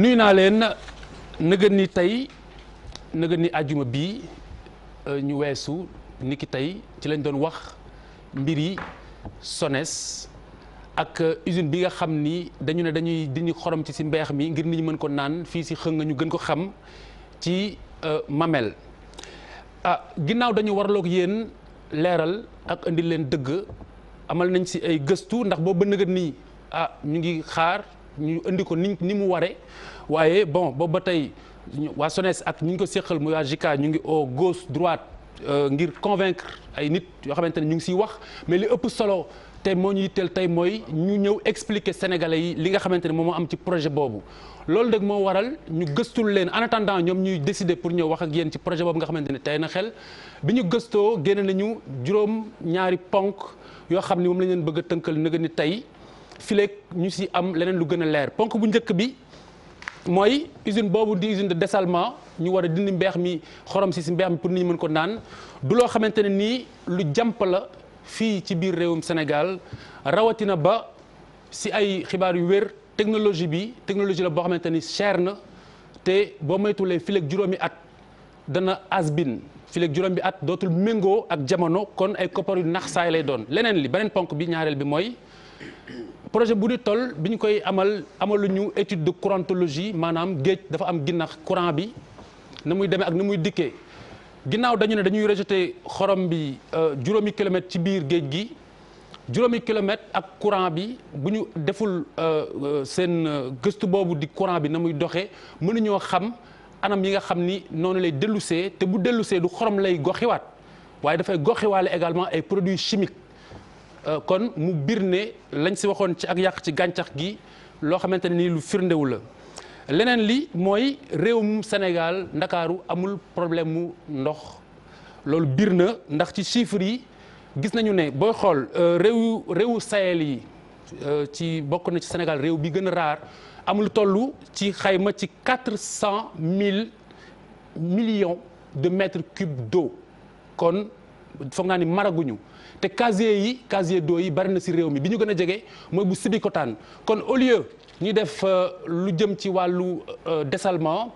nuyu naa leen nëgën ni tey nëgën ni àjjuma bii euh, ñu weesu ni ki tey ci lañ doon wax mbir yi SONES ak euh, usine bi nga xam ni dañu ne dañuy dindi xorom ci si mbeex mi ngir nit mën ko naan fii si xëng ñu gën ko xam ci euh, Mamel ah ginnaaw dañu warloog yéen leeral ak indi leen dëgg amal nañ si ay gëstu ndax boobu ba nëgën ah ñu ngi xaar. ñu indi ko ni ni mu waree waaye bon ba ba tey waa SONES ak ñu ngi ko séqal muy waa JICA ñu ngi au gauche droite euh, ngir convaincre ay nit yoo xamante ne ñu ngi siy wax mais li ëpp solo te moo ñu yitteel tey mooy ñu ñëw expliquer sénégalais yi li nga xamante ne moom moo am ci projet boobu. loolu nag moo waral ñu gëstul leen en attendant ñoom ñuy décider pour ñëw wax ak yéen ci projet boobu nga xamante ne tey na xel bi ñu gëstoo génne nañu juróom ñaari ponk yoo xam ne moom la ñu bëgg a tënkal nëgë ni tey. fileeg ñu si am leneen lu gën a leer ponk bu njëkk bi mooy usine boobu di usine de dessalement ñu war a dindi mbeex mi xorom si si mbeex mi pour nit ñi mën ko naan du loo xamante ne nii lu jàmp la fii ci biir réewum Sénégal rawatina ba si ay xibaar yu wér technologie bi technologie la boo xamante ni cher na te boo moytuwulee fileeg juróomi at dana asbin fileeg juróom bi at dootul méngoo ak jamono kon ay koppar yu nax saay lay doon leneen li beneen ponk bi ñaareel bi mooy projet bu ni toll bi ñu koy amal amaluñu étude de courantologie maanaam géej dafa am ginnax courant bi na muy demee ak na muy dikkee ginnaaw dañu ne dañuy rejeter xorom bi euh, juróomi kilomètre ci biir géej gi juróomi kilomètre ak courant bi bu ñu deful euh, euh, seen gëstu boobu di courant bi na muy doxee mënuñoo xam anam yi nga xam ni noonu lay dellusee te bu dellusee du xorom lay gox goxiwaat waaye dafay gox goxiwaale également ay produits chimiques Euh, kon mu bir ne lañ si waxoon ci ak yàq ci gàncax gi loo xamante ne nii lu firndewu la leneen li mooy réew réewum Sénégal ndakaaru amul problème mu ndox loolu biir na ndax ci chiffres yi gis nañu ne booy xool euh, réewu réewu Sahel yi euh, ci bokk na ci Sénégal réew bi gën a raar amul tollu ci xayma ci quatre cent mille millions de mètres cubes d'eau kon foog naa ni maraguñu te casier yi casier do yi bari na ci réew mi bi ñu gën a jege mooy bu Sébikotane kon au lieu ñuy def euh, lu jëm ci wàllu euh, dessalement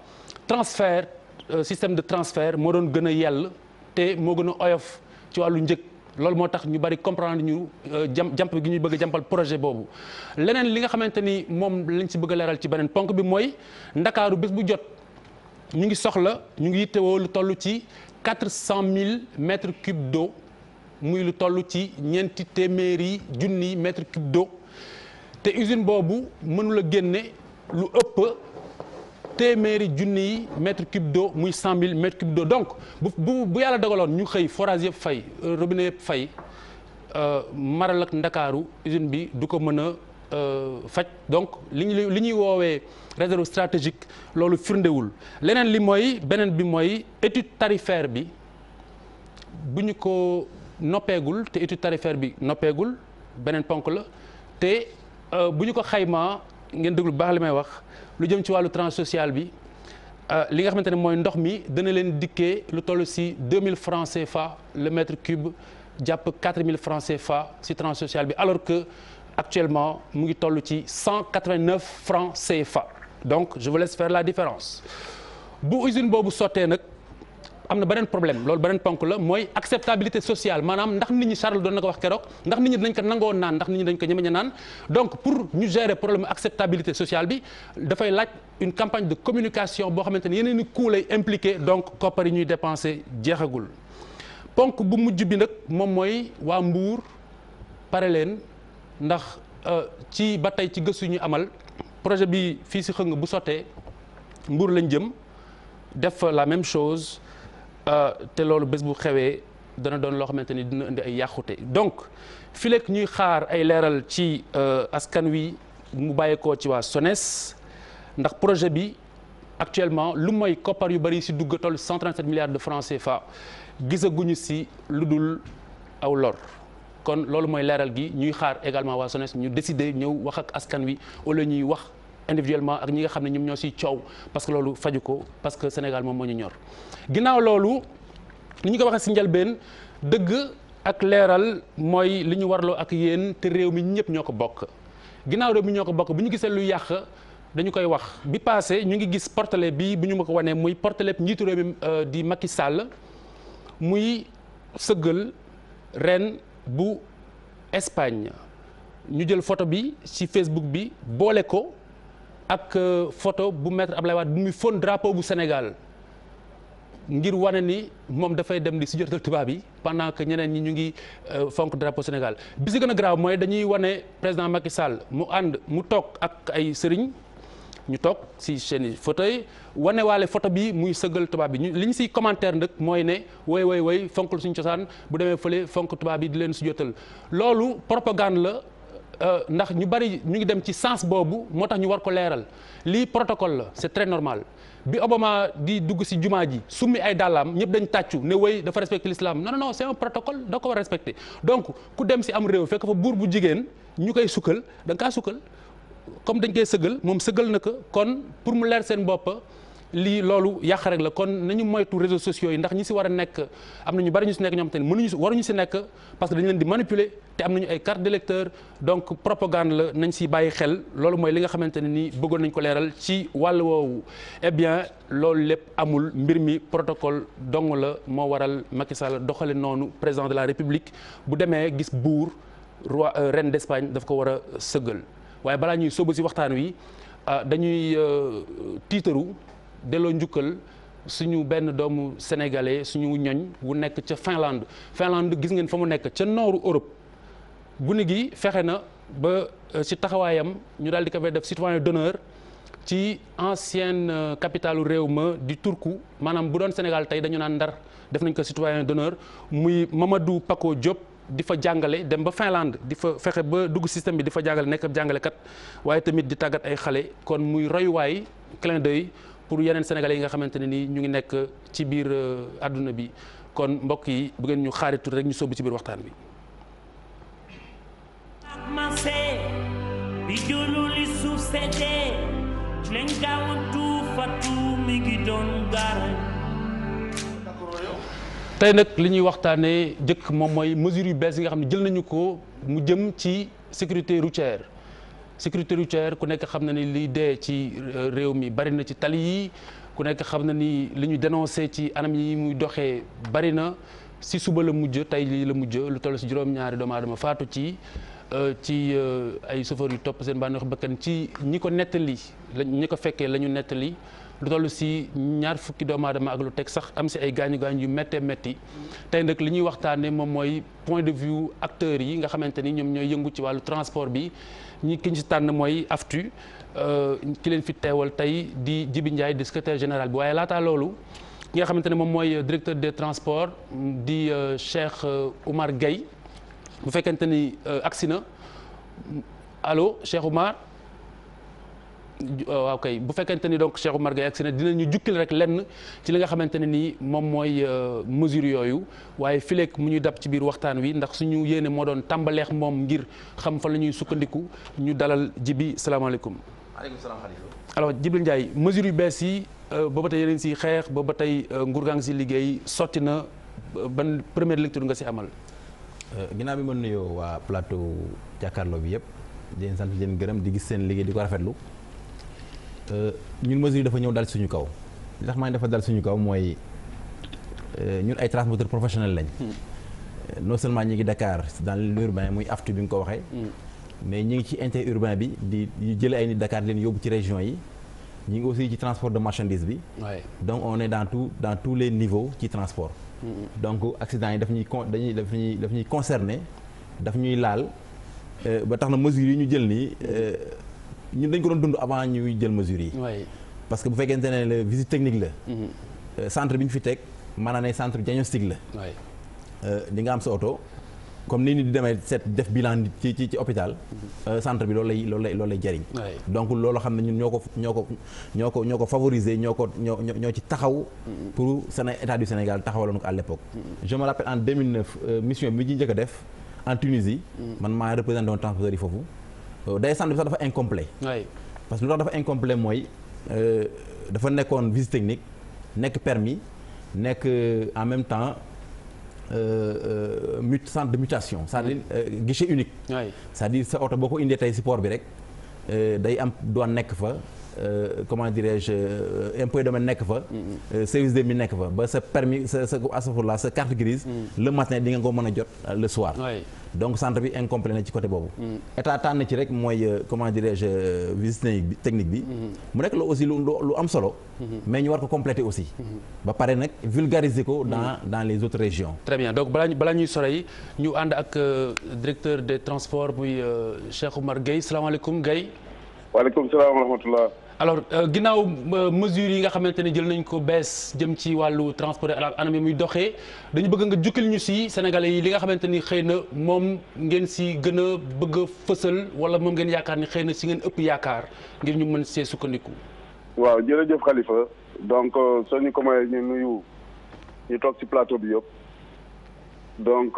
transfert euh, système de transfert moo doon gën a yell te moo gën a oyof ci wàllu njëkk loolu moo tax ñu bari comprendre ñu jam jàmp gi ñuy bëgg a jàmpal projet boobu leneen li nga xamante ni moom lañ ci bëgg a ci beneen ponk bi mooy ndakaaru bés bu jot ñu ngi soxla ñu ngi yittewoo lu toll ci quatre cent mille mètres cubes d'eau muy lu tollu ci ñeenti téeméeri junni mètre cube d'eau te usine boobu mënula génne lu ëpp téeméeri junni mètre cube do muy cent mille mètre cube donc bu bu bu yàlla dogaloon ñu xëy forage yëpp fay euh, robinet yëpp fay euh, maral ak ndakaaru usine bi du ko mën a euh, faj donc li ñu li ñuy woowee réserve stratégique loolu firndewul leneen li mooy beneen bi mooy étude tarifaire bi bu ñu ko noppeegul te étude tarifaire bi noppeegul beneen ponk la te euh, bu ñu ko xaymaa ngeen déglu baax li may wax lu jëm ci wàllu tranche sociale bi euh, li nga xamante ne mooy ndox mi dana leen dikkee lu toll si 2000 francs CFA le mètre cube jàpp 4000 francs CFA si tranche sociale bi alors que actuellement mu ngi toll ci 189 francs CFA donc je vous laisse faire la différence bu usine boobu sottee nag. am na beneen problème loolu beneen ponk la mooy acceptabilité sociale maanaam ndax nit ñi Charles doon na ko wax keroog ndax nit ñi dañ ko nangoo naan ndax nit ñi dañ ko ñemeñe naan donc pour ñu gérer problème acceptabilité sociale bi dafay laaj une campagne de communication boo xamante ne yeneen i coût lay impliqué donc koppar yi ñuy dépensé jeexagul ponk bu mujj bi nag moom mooy waa Mbour pare leen ndax euh, ci ba tey ci gëstu ñu amal projet bi fii si xëng bu sottee Mbour lañ jëm def la même chose Euh, te loolu bés bu xewee dana doon loo xamante ni dina indi ay yàqute donc fileeg ñuy xaar ay leeral ci euh, askan wi mu bàyyeekoo ci waa SONES ndax projet bi actuellement lu mooy koppar yu bari si dugg toll 137 milliards de francs CFA gisaguñu si lu dul aw lor. kon loolu mooy leeral gi ñuy xaar également waa SONES ñu décider ñëw wax ak askan wi wala ñuy wax. individuellement ak ñi nga xam ne ñoom ñoo siy coow parce que loolu faju ko parce que Sénégal moom moo ñu ñor ginnaaw loolu ni ñu ko waxee si njëlbeen dëgg ak leeral mooy li ñu warloo ak yéen te réew mi ñëpp ñoo ko bokk ginnaaw réew mi ñoo ko bokk bu ñu gisee lu yàq dañu koy wax bi passé ñu ngi gis portele bi bu ñu ma ko wanee muy portele njiitu réew mi euh, di Macky sàll muy sëggal ren bu Espagne ñu jël photo bi ci Facebook bi boole ko ak euh, photo bu maître Ablaye Wade bu muy fon drapeau bu Sénégal ngir wane ni moom dafay dem di si jotal tubaab yi pendant que ñeneen ñi ñu ngi euh, fonk drapeau Sénégal bi si gën a grave mooy dañuy wane président Macky Sall mu ànd mu toog ak ay sëriñ ñu toog si seeni fauteuil wane waale photo bi muy sëggal tubaab bi liñ li siy commentaire nag mooy ne woy woy woy fonkul suñu cosaan bu demee fële fonk tubaab yi di leen si jotal loolu propagande la. Euh, ndax ñu bari ñu ngi dem ci sens boobu moo tax ñu war ko leeral lii protocole la c'est très normal bi Obama di dugg ci jumaa ji summi ay dàllaam ñëpp dañ tàccu ne wéy dafa respecté lislaam non non non c'est un protocole da ko war respecté donc ku dem ci am réew fekk fa buur bu jigéen ñu koy sukkal da nga kaa sukkal comme dañ koy sëggal moom sëggal na ko kon pour mu leer seen bopp lii loolu yàq rek la kon nañu moytu réseaux sociaux yi ndax ñi si war a nekk am na ñu bari ñu si nekk ñoom tamit mënuñu si waruñu si nekk parce que dañu leen di manipuler te am nañu ay carte d'électeur donc propagande la nañ si bàyyi xel loolu mooy li nga xamante ne nii bëggoon nañ ko leeral ci wàll woowu et eh bien loolu lépp amul mbir mi protocole dong la moo waral Macky Sall doxale noonu président de la République bu demee gis buur roi euh, reine d'Espagne daf ko war a sëggal waaye balaa ñuy sóobu si waxtaan wi euh, dañuy euh, tiitaru delloo njukkal suñu benn doomu sénégalais suñu ñoñ wu nekk ca Finlande Finlande gis ngeen fa mu nekk ca nooru Europe gune gi fexe na ba euh, ci taxawaayam ñu daal di ko fay def citoyen d'honneur ci ancienne euh, capitalu réew ma di Turku maanaam bu doon Sénégal tey dañu naan Ndar def nañ ko citoyen d'honneur muy Mamadou Paco Diop di fa jàngale dem ba Finlande di fa fexe ba dugg système bi di fa jàngale nekk ab jàngalekat waaye tamit di tàggat ay xale kon muy royuwaay clin d'œil pour yeneen sénégalais yi nga xamante ne nii ñu ngi nekk ci biir àdduna euh, bi kon mbokk yi bu ngeen ñu xaaritu rek ñu sóobu ci biir waxtaan bi. bi gaawantu fatu mi ngi doon gaar tey nag li ñuy waxtaanee jëkk moom mooy mesures yu bees yi nga xam ne jël nañu ko mu jëm ci sécurité routière sécurité routière ku nekk xam na ni liy dee ci euh, réew mi bari na ci tali yi ku nekk xam na ni li ñu dénoncé ci anam yi muy doxee bari na si suba la mujj tey lii la mujj lu toll si juróom-ñaari doomu aadama faatu ci euh, ci euh, ay chauffeur yu topp seen bànneex bakkan ci ñi ko nettali ñi ko fekkee la ñu nettali lu toll si ñaar fukki doomu aadama ak lu teg sax am si ay gaañu gaañu yu méttee métti tey nag li ñuy waxtaanee moom mooy point de vue acteurs yi nga xamante ni ñoom ñooy yëngu ci wàllu transport bi ñi ki ñu tànn mooy AFTU euh, ki leen fi tey di Djibi Ndiaye di général waaye laataa ki nga xamante ni moom mooy directeur de transport di euh, Cheikh euh, Oumar Gueye bu fekkente ni agsi na allo Cheikh Oumar. waaw kay bu fekkente ni donc Cheikh Oumar Gueye ne na ñu jukkil rek lenn ci li nga xamante ne nii moom mooy euh, mesure yooyu waaye fileek mu ñuy dab ci biir waxtaan wi ndax suñu yéene moo doon tàmbaleex moom ngir xam fan la ñuy sukkandiku ñu dalal jibi salaamaaleykum. maaleykum salaam alors Djibril Ndiaye mesure yu bees yi booba euh, tey yeneen si xeex booba tey euh, nguur gaa ngi si liggéey sotti na ban première lecture nga si amal. ginnaaw bi ma nuyoo waa plateau jàkkaarloo bi yëpp di leen leen gërëm di gis seen liggéey di ko rafetlu. Euh, ñun mesure dafa ñëw dal suñu kaw li tax maa dafa dal suñu kaw mooy euh, ñun ay transporteurs professionnels lañ. Hmm. Euh, no seulement ñu ngi Dakar dans l'urbain muy aftu bi nga ko waxee. Hmm. mais ñu ngi ci interurbain bi di jële ay nit Dakar leen yóbbu ci région yi ñu ngi aussi ci transport de marchandise bi. donc on est dans tout tous les niveaux ci transport. Hmm. donc accident yi daf ñuy con dañuy daf ñuy daf ñuy concerné daf ñuy laal ba tax na mesures ñu jël nii. ñun dañ ko doon dund avant ñuy jël mesures yi. parce que bu fekkente ne la visite technique la. Mhm. Euh, centre bi ñu fi teg man maanaam ne centre diagnostic la. Euh, di nga am sa oto comme ni nit di demee seet def bilan ci ci ci hôpital. Mhm. Euh, centre bi loolu lay loolu lay loolu lay jëriñ. donc loolu xam ne ñun ñoo ko ñoo ko ñoo ko ñoo ko favoriser ñoo ko ñoo ñoo ci taxaw. Mhm. pour Séné état du Sénégal taxawaloon ko à l'époque. je me rappelle en 2009 mission bi ñu njëkk a def en Tunisie. man maa représenté woon transporteur yi foofu. Euh, day centre bi sax dafa incomplet parce que lu tax dafa incomplet mooy euh, dafa nekkoon visite technique nekk permis nekk euh, en même temps mut centre de mutation c'est-à-dire guichet unique cest à sa oto boo ko indee tey si port bi rek day am doon nekk fa comment dirais-je impôt domaine nekk fa mm-hmm. service de mi nekk fa ba sa permis sa sa asafurla sa carte grise mm-hmm. le matin di nga ko mën a jot le soir donc centre bi incomplet na ci côté boobu. Mm. état tànn ci rek mooy euh, comment dirais-je euh, visite technique bi. Mm-hmm. mu nekk la aussi lu lu am solo. Mm-hmm. mais ñu war ko compléter aussi. Mm-hmm. ba pare nag vulgariser ko dans dans les autres régions. très bien donc ñu balaa ñuy sorey ñu ànd ak euh, directeur des transports muy Cheikh Oumar Gueye salaamaaleykum gay waaleykum salaam wa rahmatullah. alors euh, ginnaaw euh, mesures yi nga xamante ne jël nañ ko bees jëm ci wàllu transport anam yi muy doxee dañu bëgg nga jukkil ñu si sénégalais yi li nga xamante ni xëy na moom ngeen si gën a bëgg a fësal wala moom ngeen yaakaar ni xëy na si ngeen ëpp yaakaar ngir ñu mën see sukkandiku. waaw jërëjëf Khalifa donc euh, soo ñu commencé ñu nuyu ñu toog ci plateau bi yëpp donc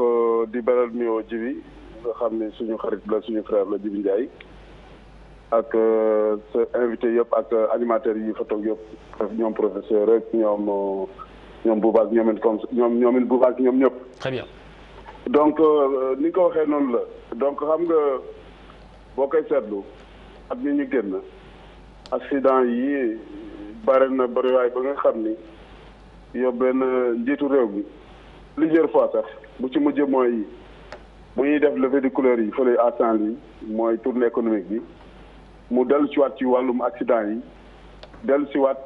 di beral nuyoo jibi nga xam ne suñu xarit la suñu frère la Jibi Ndiaye. ak euh, sa invité yëpp ak euh, animateurs yi fa toog yëpp ñoom professeur rek ñoom euh, ñoom buubaak ñoomin comme ñoom ñoomin buubaak ñoom ñëpp très bien donc ni ko waxee noonu la donc xam nga boo koy seetlu ak mi ñu génn accident yi bare na bariwaay ba nga xam ni yóbbee na njiitu réew mi plusieurs fois sax bu ci mujj mooy bu ñuy def levée de couleur yi fële à Saint-Louis mooy tournée économique bi mu dellu si waat ci wàllum accident yi dellu si waat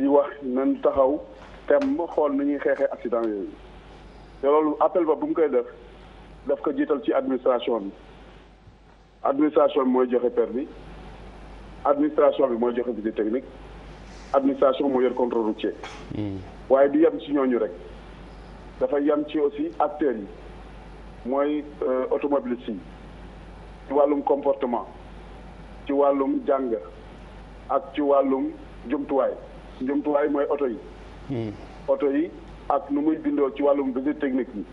di wax nañ taxaw tem xool nu ñuy xeexee accident yooyu te loolu appel ba bu mu koy def daf ko jiital ci administration bi administration bi mooy joxe permis administration bi mooy joxe visite technique administration moo yor contrôle ci hmm. waaye du yem ci ñooñu rek dafa yem ci aussi acteurs yi mooy euh, automobiliste yi ci wàllum comportement ci wàllum jàng ak ci wàllum jumtuwaay jumtuwaay mooy oto yi. Hmm. oto yi ak nu muy bindoo ci wàllum visite technique yi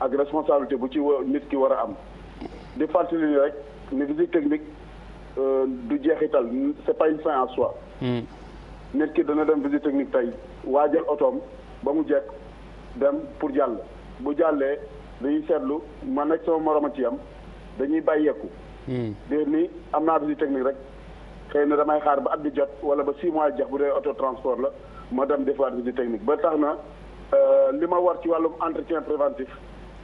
ak responsabilité bu ci nit ki war a am di fàttali ni rek ni visite technique euh, du jeexital c'est pas une fin hmm. nit ki dana dem visite technique tey waajal otoom ba mu jekk dem pour jàll bu jàllee dañuy seetlu man ak sama morom a ci am dañuy bàyyeeku Hmm. déet nii am naa visite technique rek xëy na damay xaar ba at bi jot wala ba 6 mois jeex bu dee auto transport la ma dem defaat visite technique ba tax na euh, li ma war ci wàllum entretien préventif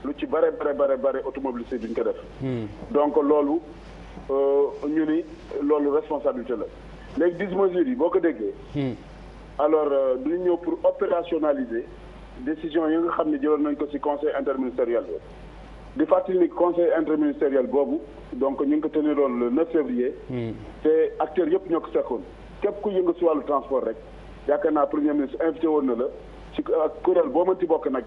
lu ci bare bare bare bare automobiliste duñ ko def hmm. donc loolu euh, ñu ni loolu responsabilité la léegi dix mesures yi boo ko déggee hmm. alors euh, duñu ñëw pour opérationnaliser décision yi nga xam ne jëloon nañ ko ci conseil interministériel di fàttali ni conseil interministériel boobu donc ñu ngi ko teniroon le 9 février. Hmm. te acteurs yëpp ñoo ko seqoon. képp ku yëngu si wàllu transport rek yaakaar naa premier ministre invité woon na la ci ak kuréel boo mënti bokk nag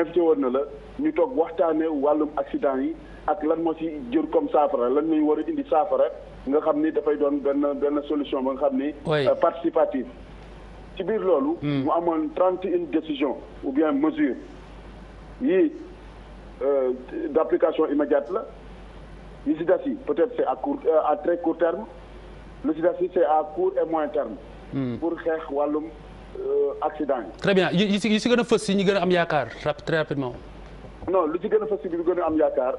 invité woon na la ñu toog waxtaanee wàllum accident yi ak lan moo ci jur comme saafara lan lañu war a indi saafara nga xam ni dafay doon benn benn solution ba nga xam ni. Euh, participative. ci biir loolu. Hmm. mu amoon trente une décision ou bien mesure euh, d'application immédiate la li si das yi peut-être c'est à court euh, à très terme li si des yi c'est à court et moyen terme. Hmm. pour xeex wàllum euh, accident yi. très bien yi si yi si gën a fës si ñu gën a am yaakaar très rapidement. non lu si gën a fës si ñu gën a am yaakaar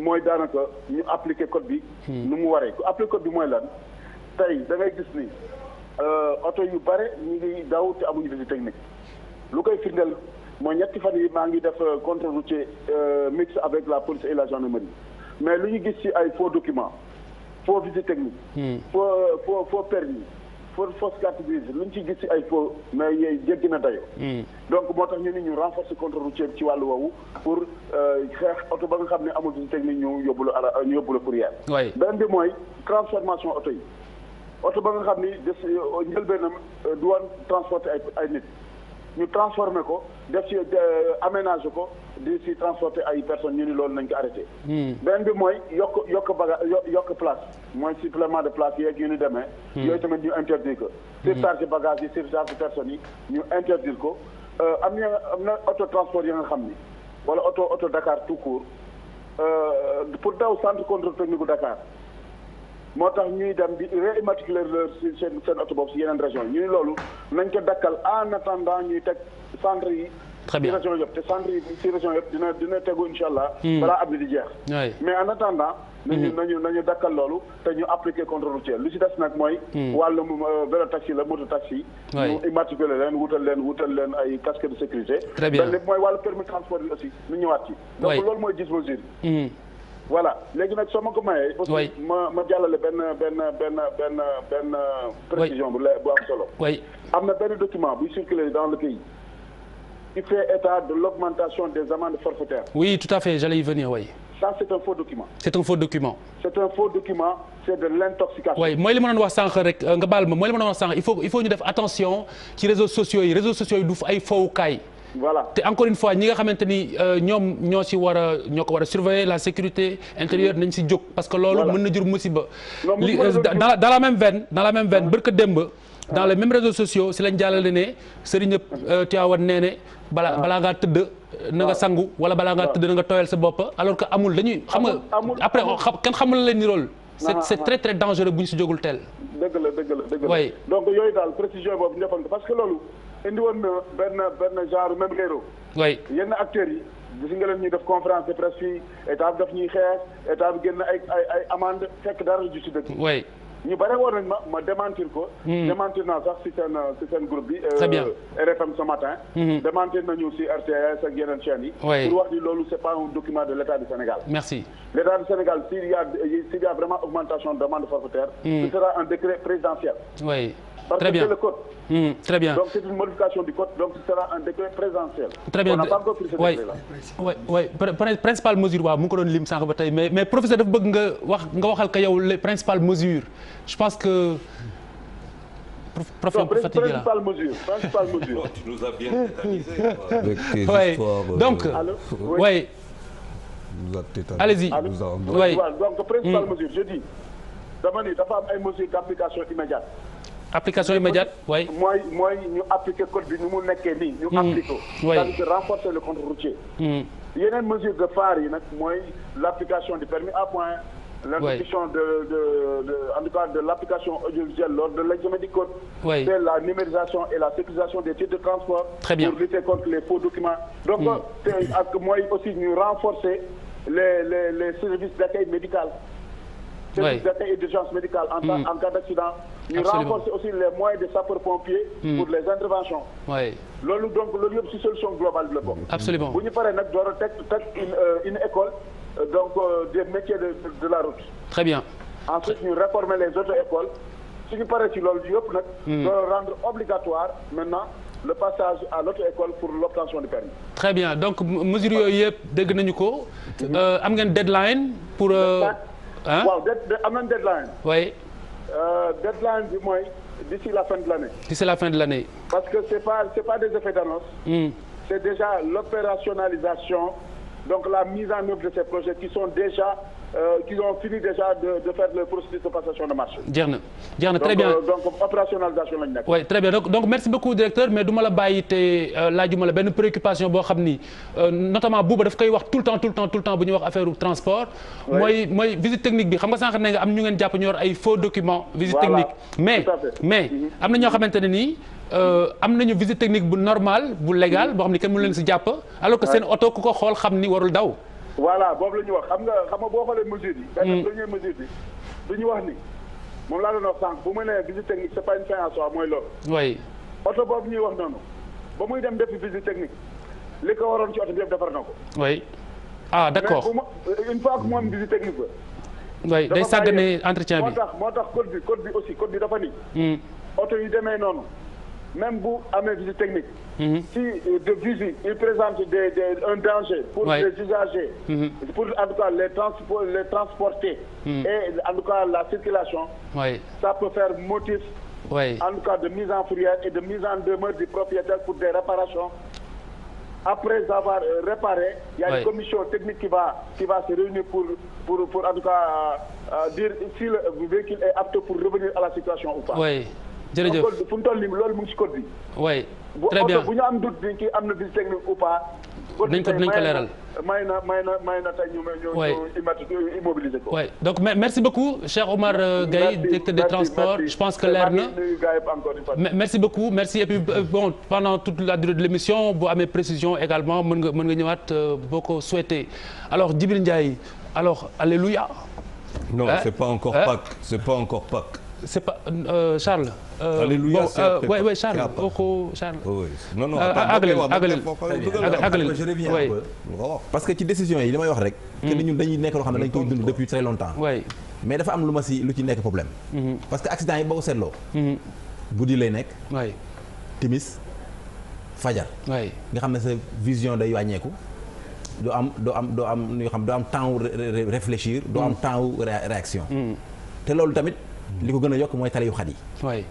mooy daanaka ñu appliquer code bi. Hmm. nu mu waree ku appliquer code bi mooy lan tey da ngay gis ni euh, oto yu bare ñu ngi daw te amuñu visite technique lu koy firndeel. mooy ñetti fan yi maa ngi def euh, contrôle routier euh, mixte avec la police et la gendarmerie mais lu ñu gis ci ay faux documents faux visite technique. Hmm. faux faux faux permis faux fausse carte grise lu ñu ci gis ci ay faux mais yooyu jéggi na dayoo. Hmm. donc moo tax ñu ni ñu renforcer contrôle routier ci wàllu woowu pour euh, xeex oto ba nga xam ne amul visite technique ñu yóbbu la ala ñu yóbbu la fourrière. waay bi mooy transformation oto yi. oto ba nga xam ni des njëlbeenam du woon transporter ay ay nit. ñu transformé ko def ci euh, aménagé ko di si transporté ay personnes ñu ni loolu nañ ko arrêté. Hmm. beneen bi mooy yokk yokk baga yokk place mooy supplément de place yee yu ñu demee. Hmm. yooyu tamit ñu interdire ko. Hmm. surcharge bagage yi surcharge personnes yi ñu interdire ko euh, am na am na auto transport yi nga xam ni wala auto auto Dakar tout court euh, pour daw centre contrôle technique gu Dakar. moo tax ñuy dem di réimmatriculer leur seen seen oto bopp yeneen région yi loolu nañ ko dakkal en attendant ñuy teg centre yi très bien région yëpp te centre yi si région yëpp dina dina tegu insha allah hmm. balaa ab di jeex mais en attendant nañu hmm. nañu nañu dakkal loolu te ñu appliquer contrôle routier lu si des nag mooy hmm. wàllum euh, vélo taxi la moto taxi ñu immatriculer leen wutal leen wutal leen ay casque de sécurité très bien lépp mooy wàll permis transport bi aussi ñu ñëwaat ci donc loolu voilà léegi nag soo ma ko mayee. aussi ma ma jàllale benn benn benn benn benn. précision bu la bu solo. am na benn document buy circuler dans le pays. qui fait état de l'augmentation des amendes forfaitaires. oui tout à fait j'allais y venir oui. ça c'est un faux document. c'est un faux document. c'est un faux document c'est de l'intoxication. oui mooy li ma doon wax sànq rek euh, nga baal ma mooy li ma doon wax sànq il faut il faut ñu def attention ci réseaux sociaux yi réseaux sociaux yi du ay fowukaay. voilà te encore une fois ñi nga xamante ni euh, ñoom ñoo si war a ñoo la sécurité intérieure nañ si jóg. parce que loolu mën na jur musiba. li euh, dans dans la même veine dans la même veine barka démb. dans les mêmes réseaux sociaux si lañ jàllale ne Serigne euh, Thiawane nee ne balaa ah. balaa ngaa tëdd. na nga ah. sangu wala bala ngaa ah. tëdd na nga tooyal sa bopp alors que amul dañuy. xam nga après kenn xamul leen ni loolu. c'est c'est très très dangereux bu ñu si jógul teel. indi woon na benn benn genre même réeróo. oui yenn acteurs yi. gis nga leen ñuy def conférence de presse fii état bi ñuy xeex état bi génn ay ay amande amende fekk dara ju si dëkk. oui ñu bare woon nañ ma ma démentir ko. Hmm. démentir naa sax si seen si seen groupe bi. très bien euh, RFM ce matin. Hmm. démentir nañu si RTS ak yeneen chaînes yi. oui pour wax loolu c'est pas un document de l'état du Sénégal. merci l'état du Sénégal s'il y a s'il y a vraiment augmentation de demande Parce Très que bien. c'est le code. Mmh, très bien. Donc c'est une modification du code, donc ce sera un décret présentiel. mesure sànq ba tey mais mais professeur nga wax nga ko yow les principales mesures je pense que. professeur Fatick là principale mesure principale mesure. tu nous as bien tétanisé. avec euh, donc oui. allez-y donc principale mesure je dis dama ni dafa immédiate. application immédiate oui. mooy mooy ñu appliquer code bi ni mu nekkee nii. ñu hmm. appliquer ko. oui c'est-à-dire renforcer le contrôle routier. Hmm. yeneen mesure de phare yi nag mooy l' application du permis à point. l' introduction de de de en tout cas de l' application audiovisuelle lors de l'examen du code. c'est la numérisation et la sécurisation des titres de transport. très bien pour lutter contre les faux donc hmm. te ak renforcer les les les services d'accueil médical. services d'atteinte et d'urgence médicale en, mm. en cas d'accident. ñu renforcer aussi les moyens de sapeurs-pompiers. Mm. pour les interventions. loolu donc loolu yëpp ci solution globale bi la bokk. absolument bu ñu paree nag door a teg euh, une école euh, euh, des métiers de, la route. très bien. ensuite ñu réformer les auto-écoles su ñu paree ci loolu yëpp nag. loolu mm. rendre obligatoire maintenant. le passage à l'auto-école pour l'obtention du permis. Très bien donc mesures yooyu yëpp dégg ah waaw de am nañ deadline. oui. Euh, deadline bi mooy d'ici la fin de l'année. d'ici la fin de l'année. parce que c'est pas c'est pas des effets d'annonce. Mm. c'est déjà l'opérationnalisation donc la mise en œuvre de ces projets qui sont déjà Euh, qui ont jeex na jeex na euh, très bien donc donc merci beaucoup directeur mais du la bàyyi te euh, laajuma la benn préoccupation boo xam ni notamment Bouba daf koy wax tout le temps tout le temps tout le temps bu ñuy wax affaire transport. mooy mooy visite technique bi xam nga sànq ne nga am ñu ngeen jàpp ñu yor ay faux documents. visite technique mais mais mhm. am na ñoo xamante ne nii. am nañu visite technique bu normal bu légal boo xam ni kenn mënu leen si jàpp. alors que seen oto ku ko xool xam ni warul daw. voilà boobu la ñuy wax xam nga xam nga boo xoolee mesure yi. Hmm. benn première mesure bi du ñu wax ni moom laa doon wax sànq bu mu nee visite technique c'est pas une fin en soi mooy boobu ñuy wax noonu ba muy dem defi visite technique li ko waroon ci oto bi yëpp defar na ko. oui ah d'accord mais bu ma une fois que moom visite technique ba. oui day sàggane entretien bi moo tax tax code bi code bi aussi code bi dafa ni. Hmm. oto yi demee noonu. même bu amee visite technique. Mhm. si euh, de visu il présente des des un danger. pour ouais. les mhm. pour en tout cas les transport les transporter. Mhm. et en tout cas la circulation. Ouais. ça peut faire motif. Ouais. en tout cas de mise en fourrière et de mise en demeure du propriétaire pour des réparations. après avoir euh, réparé il y a une commission technique qui va qui se réunir pour pour pour en tout cas euh, euh, dire si le véhicule est apte pour revenir à la situation ou pas. jërëjëf code bi fu mu toll nii loolu mu ngi si code bi. oui très bien bu ñu am doute bi kii am na visite technique ou pas. dinañ ko dinañ ko leeral may na may na may na tey ñu ñu immobiliser ko. oui donc merci beaucoup Cheikh Omar euh, Gaye directeur des transports je pense que leer na merci beaucoup merci et puis euh, bon pendant toute la durée de l'émission boo amee précision également mën nga mën nga ñëwaat euh, boo ko souhaité alors Djibril Ndiaye alors alléluia. non c'est pas encore Pâques c'est pas encore Pâques. c'est pas euh, Charles. Euh, alléluia bon, euh, ouais, ouais, Charles kooku Charles. Oui. non non parce que ci décision yi li may wax rek. que ni ñun nekk loo xam ne dañu koy dund depuis très longtemps. mais dafa am lu ma si lu ci nekk problème. Mhm. parce que accident yi boo seetloo. Mhm. guddi lay nekk. timis fajar. nga xam ne sa vision day wàññeeku. doo am doo am doo am yoo xam doo am temps wu réfléchir. doo am mhm. temps wu réaction. te loolu tamit. li ko gën a yokk mooy tali yu xat yi. waay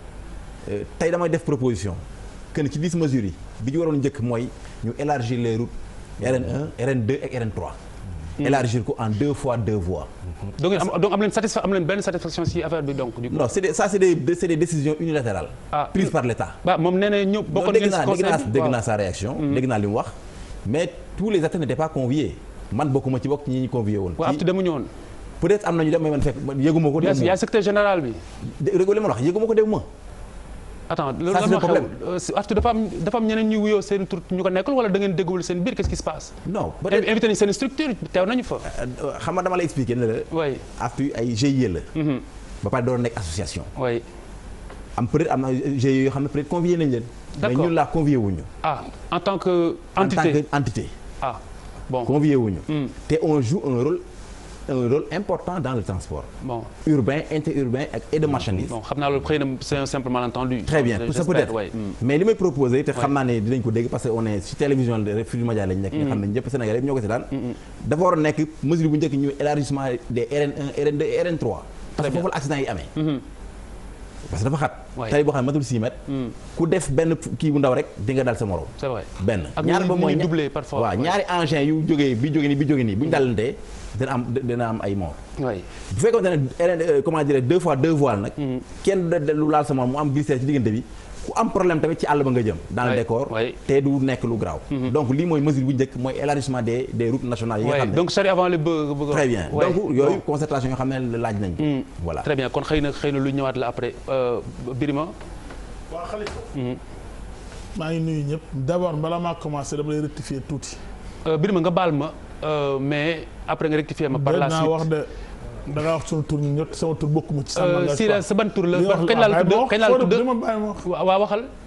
euh, tey damay def proposition que ci dix mesures yi bi ñu waroon jëkk mooy ñu élargir les routes RN1 RN2 ak RN3. élargir ko en deux fois deux voies. Hmm. donc am leen satisfaction ci affaire bi donc. non c'est des c'est des c'est des décisions ah, hmm. par l'État. moom nee ñëw bokkoon ngeen ci conseil bi naa sa réaction. Hmm. dégg naa li mu wax mais tous les acteurs pas conviés man bokkuma ci bokk ñi ñu convié woon. waaw ab dama ñëwoon. peut-être am na ñu dem mais man fekk yëguma ko. dégg nga secteur général bi. dégg ma wax yëguma ko ma. attends euh, ma da ngeen déggul seen biir qu'est-ce euh, euh, dama la expliqué ne la. E mm-hmm. am peut am na GIE yoo xam ne peut-être convié nañ leen. mais ñun laa convié wuñu. ah en tant que. entité en tant que entité. ah bon convié wuñu. Mm. te on joue un rôle. un rôle important dans le transport. bon urbain interurbain ak et de marchandise. na c'est un simple malentendu. très bien ça peut être mm. mais li may proposer te xam naa ne dinañ ko dégg parce que on télévision de Futurs lañ nekk. nga mm-hmm. xam ne ñëpp Sénégal yëpp ñoo ko si daan. Mm-hmm. dafa war a nekk mesure bu njëkk ñu élargissement des RN1 rn foofu la accident yi amee. Mm-hmm. parce que dafa xat tali boo xam ne matul 6 mètres hmm. ku def benn kii bu ndaw rek di nga dal sa morom c'est vrai benn ñaar ba mooy doublé parfois waaw ñaari engin yu jógee bi jógee nii bi jógee nii bu ñu hmm. dalantee dina am dina am ay mort bu fekkoon ne euh, comment dire deux fois deux voiles nag hmm. kenn lu laal sa morom mu am glissé ci diggante bi ku am problème tamit ci àll ba nga jëm dans le te du nekk lu graaw mhm. donc lii mooy mesure bu njëkk mooy élargissement des des routes nationales yi nga xam ne donc sori avant le bëgg très bien donc yooyu concentration yoo xam ne laaj nañ ko mhm. voilà très bien kon xëy na xëy na lu ñëwaat la après euh, Birima waaw Khalifa mhm. maa ngi nuyu ñëpp d'abord bala maa commencé dama lay rectifier tuuti euh, Birima nga baal ma euh, mais après nga rectifier ma par la suite wax da nga wax sunu tur ñu ñëpp sama tur bokkuma ci. sama mandat si sa tur la. kañ laa la tudd kañ laa la tudd waaw waxal.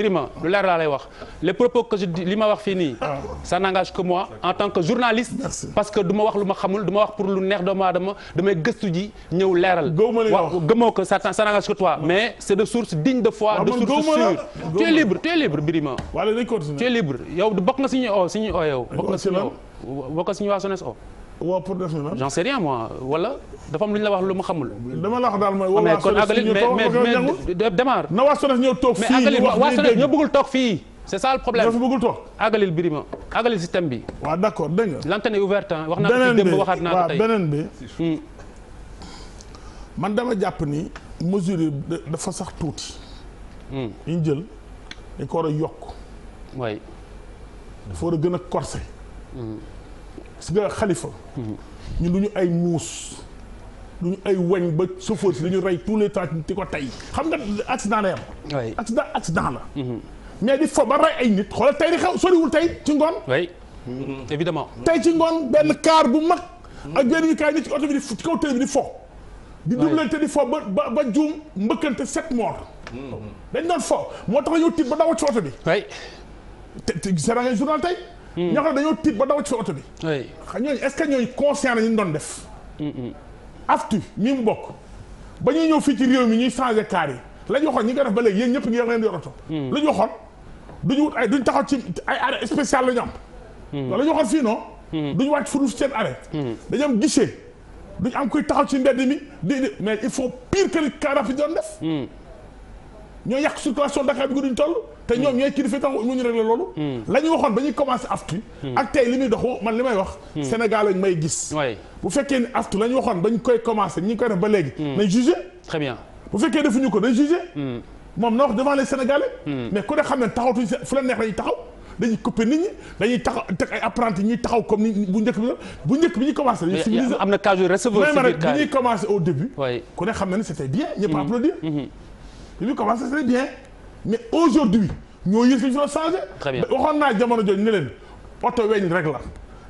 Birima lu leer laa wax les propos que je li ma wax fii nii ah. ça n'engage que moi en tant que journaliste parce que du ma wax lu ma xamul du ma wax pour lu neex doomu aadama damay gëstu ji ñëw leeral waaw gëmoo que ça mais c'est de source digne de foi de source sûre tu libre tu libre Birima tu libre oh, oh, yow bokk nga si ñu oo si ñu oo yow bokk si ñu oo bokk nga si oh. moi dafa am lu ñu la wax lu mu xamul. dama la wax daal mooy woo waa SONES ñu toog mais mais démarre. na waa SONES ñëw toog fii ñu wax waa SONES ñoo bëggul toog fii. c' est problème bi. waa d' accord dégg nga. l' antenne est ouverte wax naa ko ci démb waxaat naa ko tey bi hmm. man dama jàpp ni mesure dafa sax tuuti. Hmm. yi ñu jël dañ ko war a yokk. waay. dafa war a gën a corsé. parce que xalifa. ñun du ñu ay muus. duñu ay weñ ba chauffeur si dañu rey tous les temps di ko tey xam nga accident lay am accident accident la mais di fo ba rey ay nit xoolal tey di xew soriwul tey ci ngoon évidemment tey ci ngoon benn kaar bu mag ak benn ñu kaay ci oto bi di ci kaw télé bi di fo di dublante di fo ba ba ba juum mbëkkante sept morts dañ doon fo moo tax ñëw tiit ba daw ci oto bi te gis nga journal tey hmm. ñoo xam ne dañoo tiit ba daw ci oto bi xam ñooñu est-ce que ñooñu conscient nañu doon def hmm, hmm. aftu mi mu bokk ba ñuy ñëw fii ci réew mi ñuy changé kaar yi la ñu waxoon ñi nga def ba léegi yéen ñëpp ngi leen di yoroto hmm. la ñu waxoon duñu wut duñ taxaw ci ay arrêt spécial la ñu am hmm. la ñu waxoon fii non hmm. duñu wàcc fudul seen arrêt dañu am guichet duñu am koy taxaw ci mbedd mi di mais il faut pire que li car rapide doon def ñoo yàq circulation Dakar bi guddi toll. te ñoom ñooy kilifa tax mu ñu réglé loolu. Hmm. waxoon ba ñuy commencé aftu. Hmm. ak li muy doxu man li may wax. Hmm. Sénégal lañ may gis. bu fekkee ni aftu la ñu waxoon ba ñu koy commencé ñi ngi koy def ba léegi. nañ jugé. très bu fekkee defuñu ko nañ jugé. moom na wax devant les Sénégalais. mais ku ne xam ne taxawtuñ fu la neex lañuy taxaw. dañuy couper nit ñi dañuy taxaw teg ay apprenti ñuy taxaw comme ni bu njëkk bi la bu njëkk bi ñuy commencé. dañuy rek bi ñuy commencé au début. ku ne xam na ni c'était bi mu commencé c'est bien mais aujourd'hui ñoo yës ñu doon changé. très bien waxoon naa jamono jooju ne leen oto weñ rek la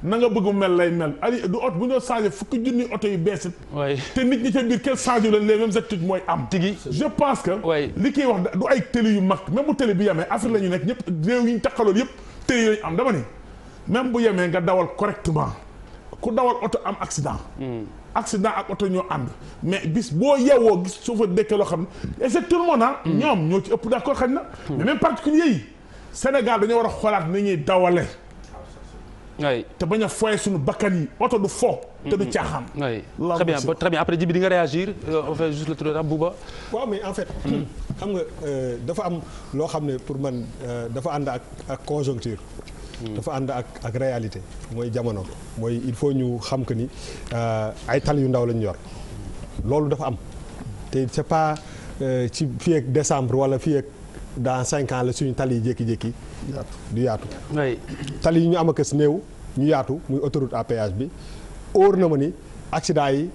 na nga bëgg mel lay mel ali du oto bu ñu doon changé junni oto yu bees it. te nit ñi ca biir kenn changé leen les mêmes attitudes mooy am. tigi je pense que. li kiy wax du ay télé yu mag même bu télé bi yamee Afrique la ñu nekk ñëpp réew yi ñu takkaloon yëpp télé yooyu am dama ni même bu yemee nga dawal correctement ku dawal oto am accident. Hmm. accident ak oto ñoo ànd mais bis boo yeewoo gis chauffeur dëkk loo xam ne et c'est tout le monde ah. mm. ñoom ñoo ci ëpp d'accord xañ na. Mm. mais même particulier yi Sénégal dañoo war a xoolaat ni ñuy dawale. te bañ a foyee suñu bakkan yi oto du fo. te du caaxaan. très bien très bien après jibi di nga réagir euh, on fait juste le tour de Bouba. waaw mais en fait. Mm. xam nga euh, dafa am loo xam ne pour man euh, dafa ànd ak ak conjoncture. dafa ànd ak ak réalité mooy jamono mooy il faut ñu xam que ni euh, ay tal yu ndaw lañu yor loolu dafa am te c'est pas euh, ci fii ak décembre wala fii dans cinq la suñu tali yi jékki-jékki yaatu tali yi ñu am a kës néew ñu yaatu muy autoroute à bi óor na ma ni accident yi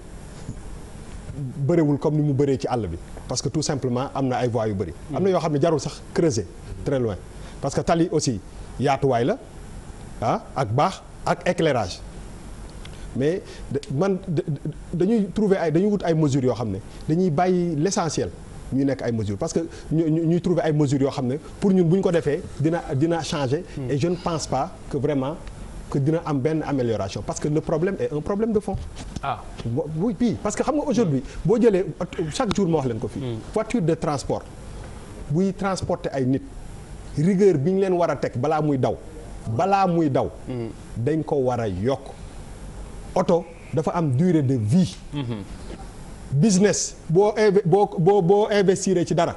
bëriwul comme ni mu bëree ci àll bi parce que tout simplement am na ay voies yu bëri am na yoo xam ne jarul sax creuser très loin parce que tali aussi yaatuwaay la ah ak baax ak éclairage mais man dañuy trouver ay dañuy wut ay mesures yoo xam ne dañuy bàyyi l'essentiel ñuy nekk ay mesures parce que ñu ñuy trouver ay mesures yoo xam ne pour ñun bu ko defee dina dina changer. Hmm. et je ne pense pas que vraiment que dina am benn amélioration parce que le problème est un problème de fond. ah oui oui parce que xam nga aujourd'hui boo jëlee chaque jour ma wax leen ko fii. Hmm. voiture de transport buy transporter ay nit rigueur bi ñu leen war a teg balaa muy daw. balaa muy daw dañ ko war a yokk oto dafa am durée de vie business boo boo boo boo investir ci dara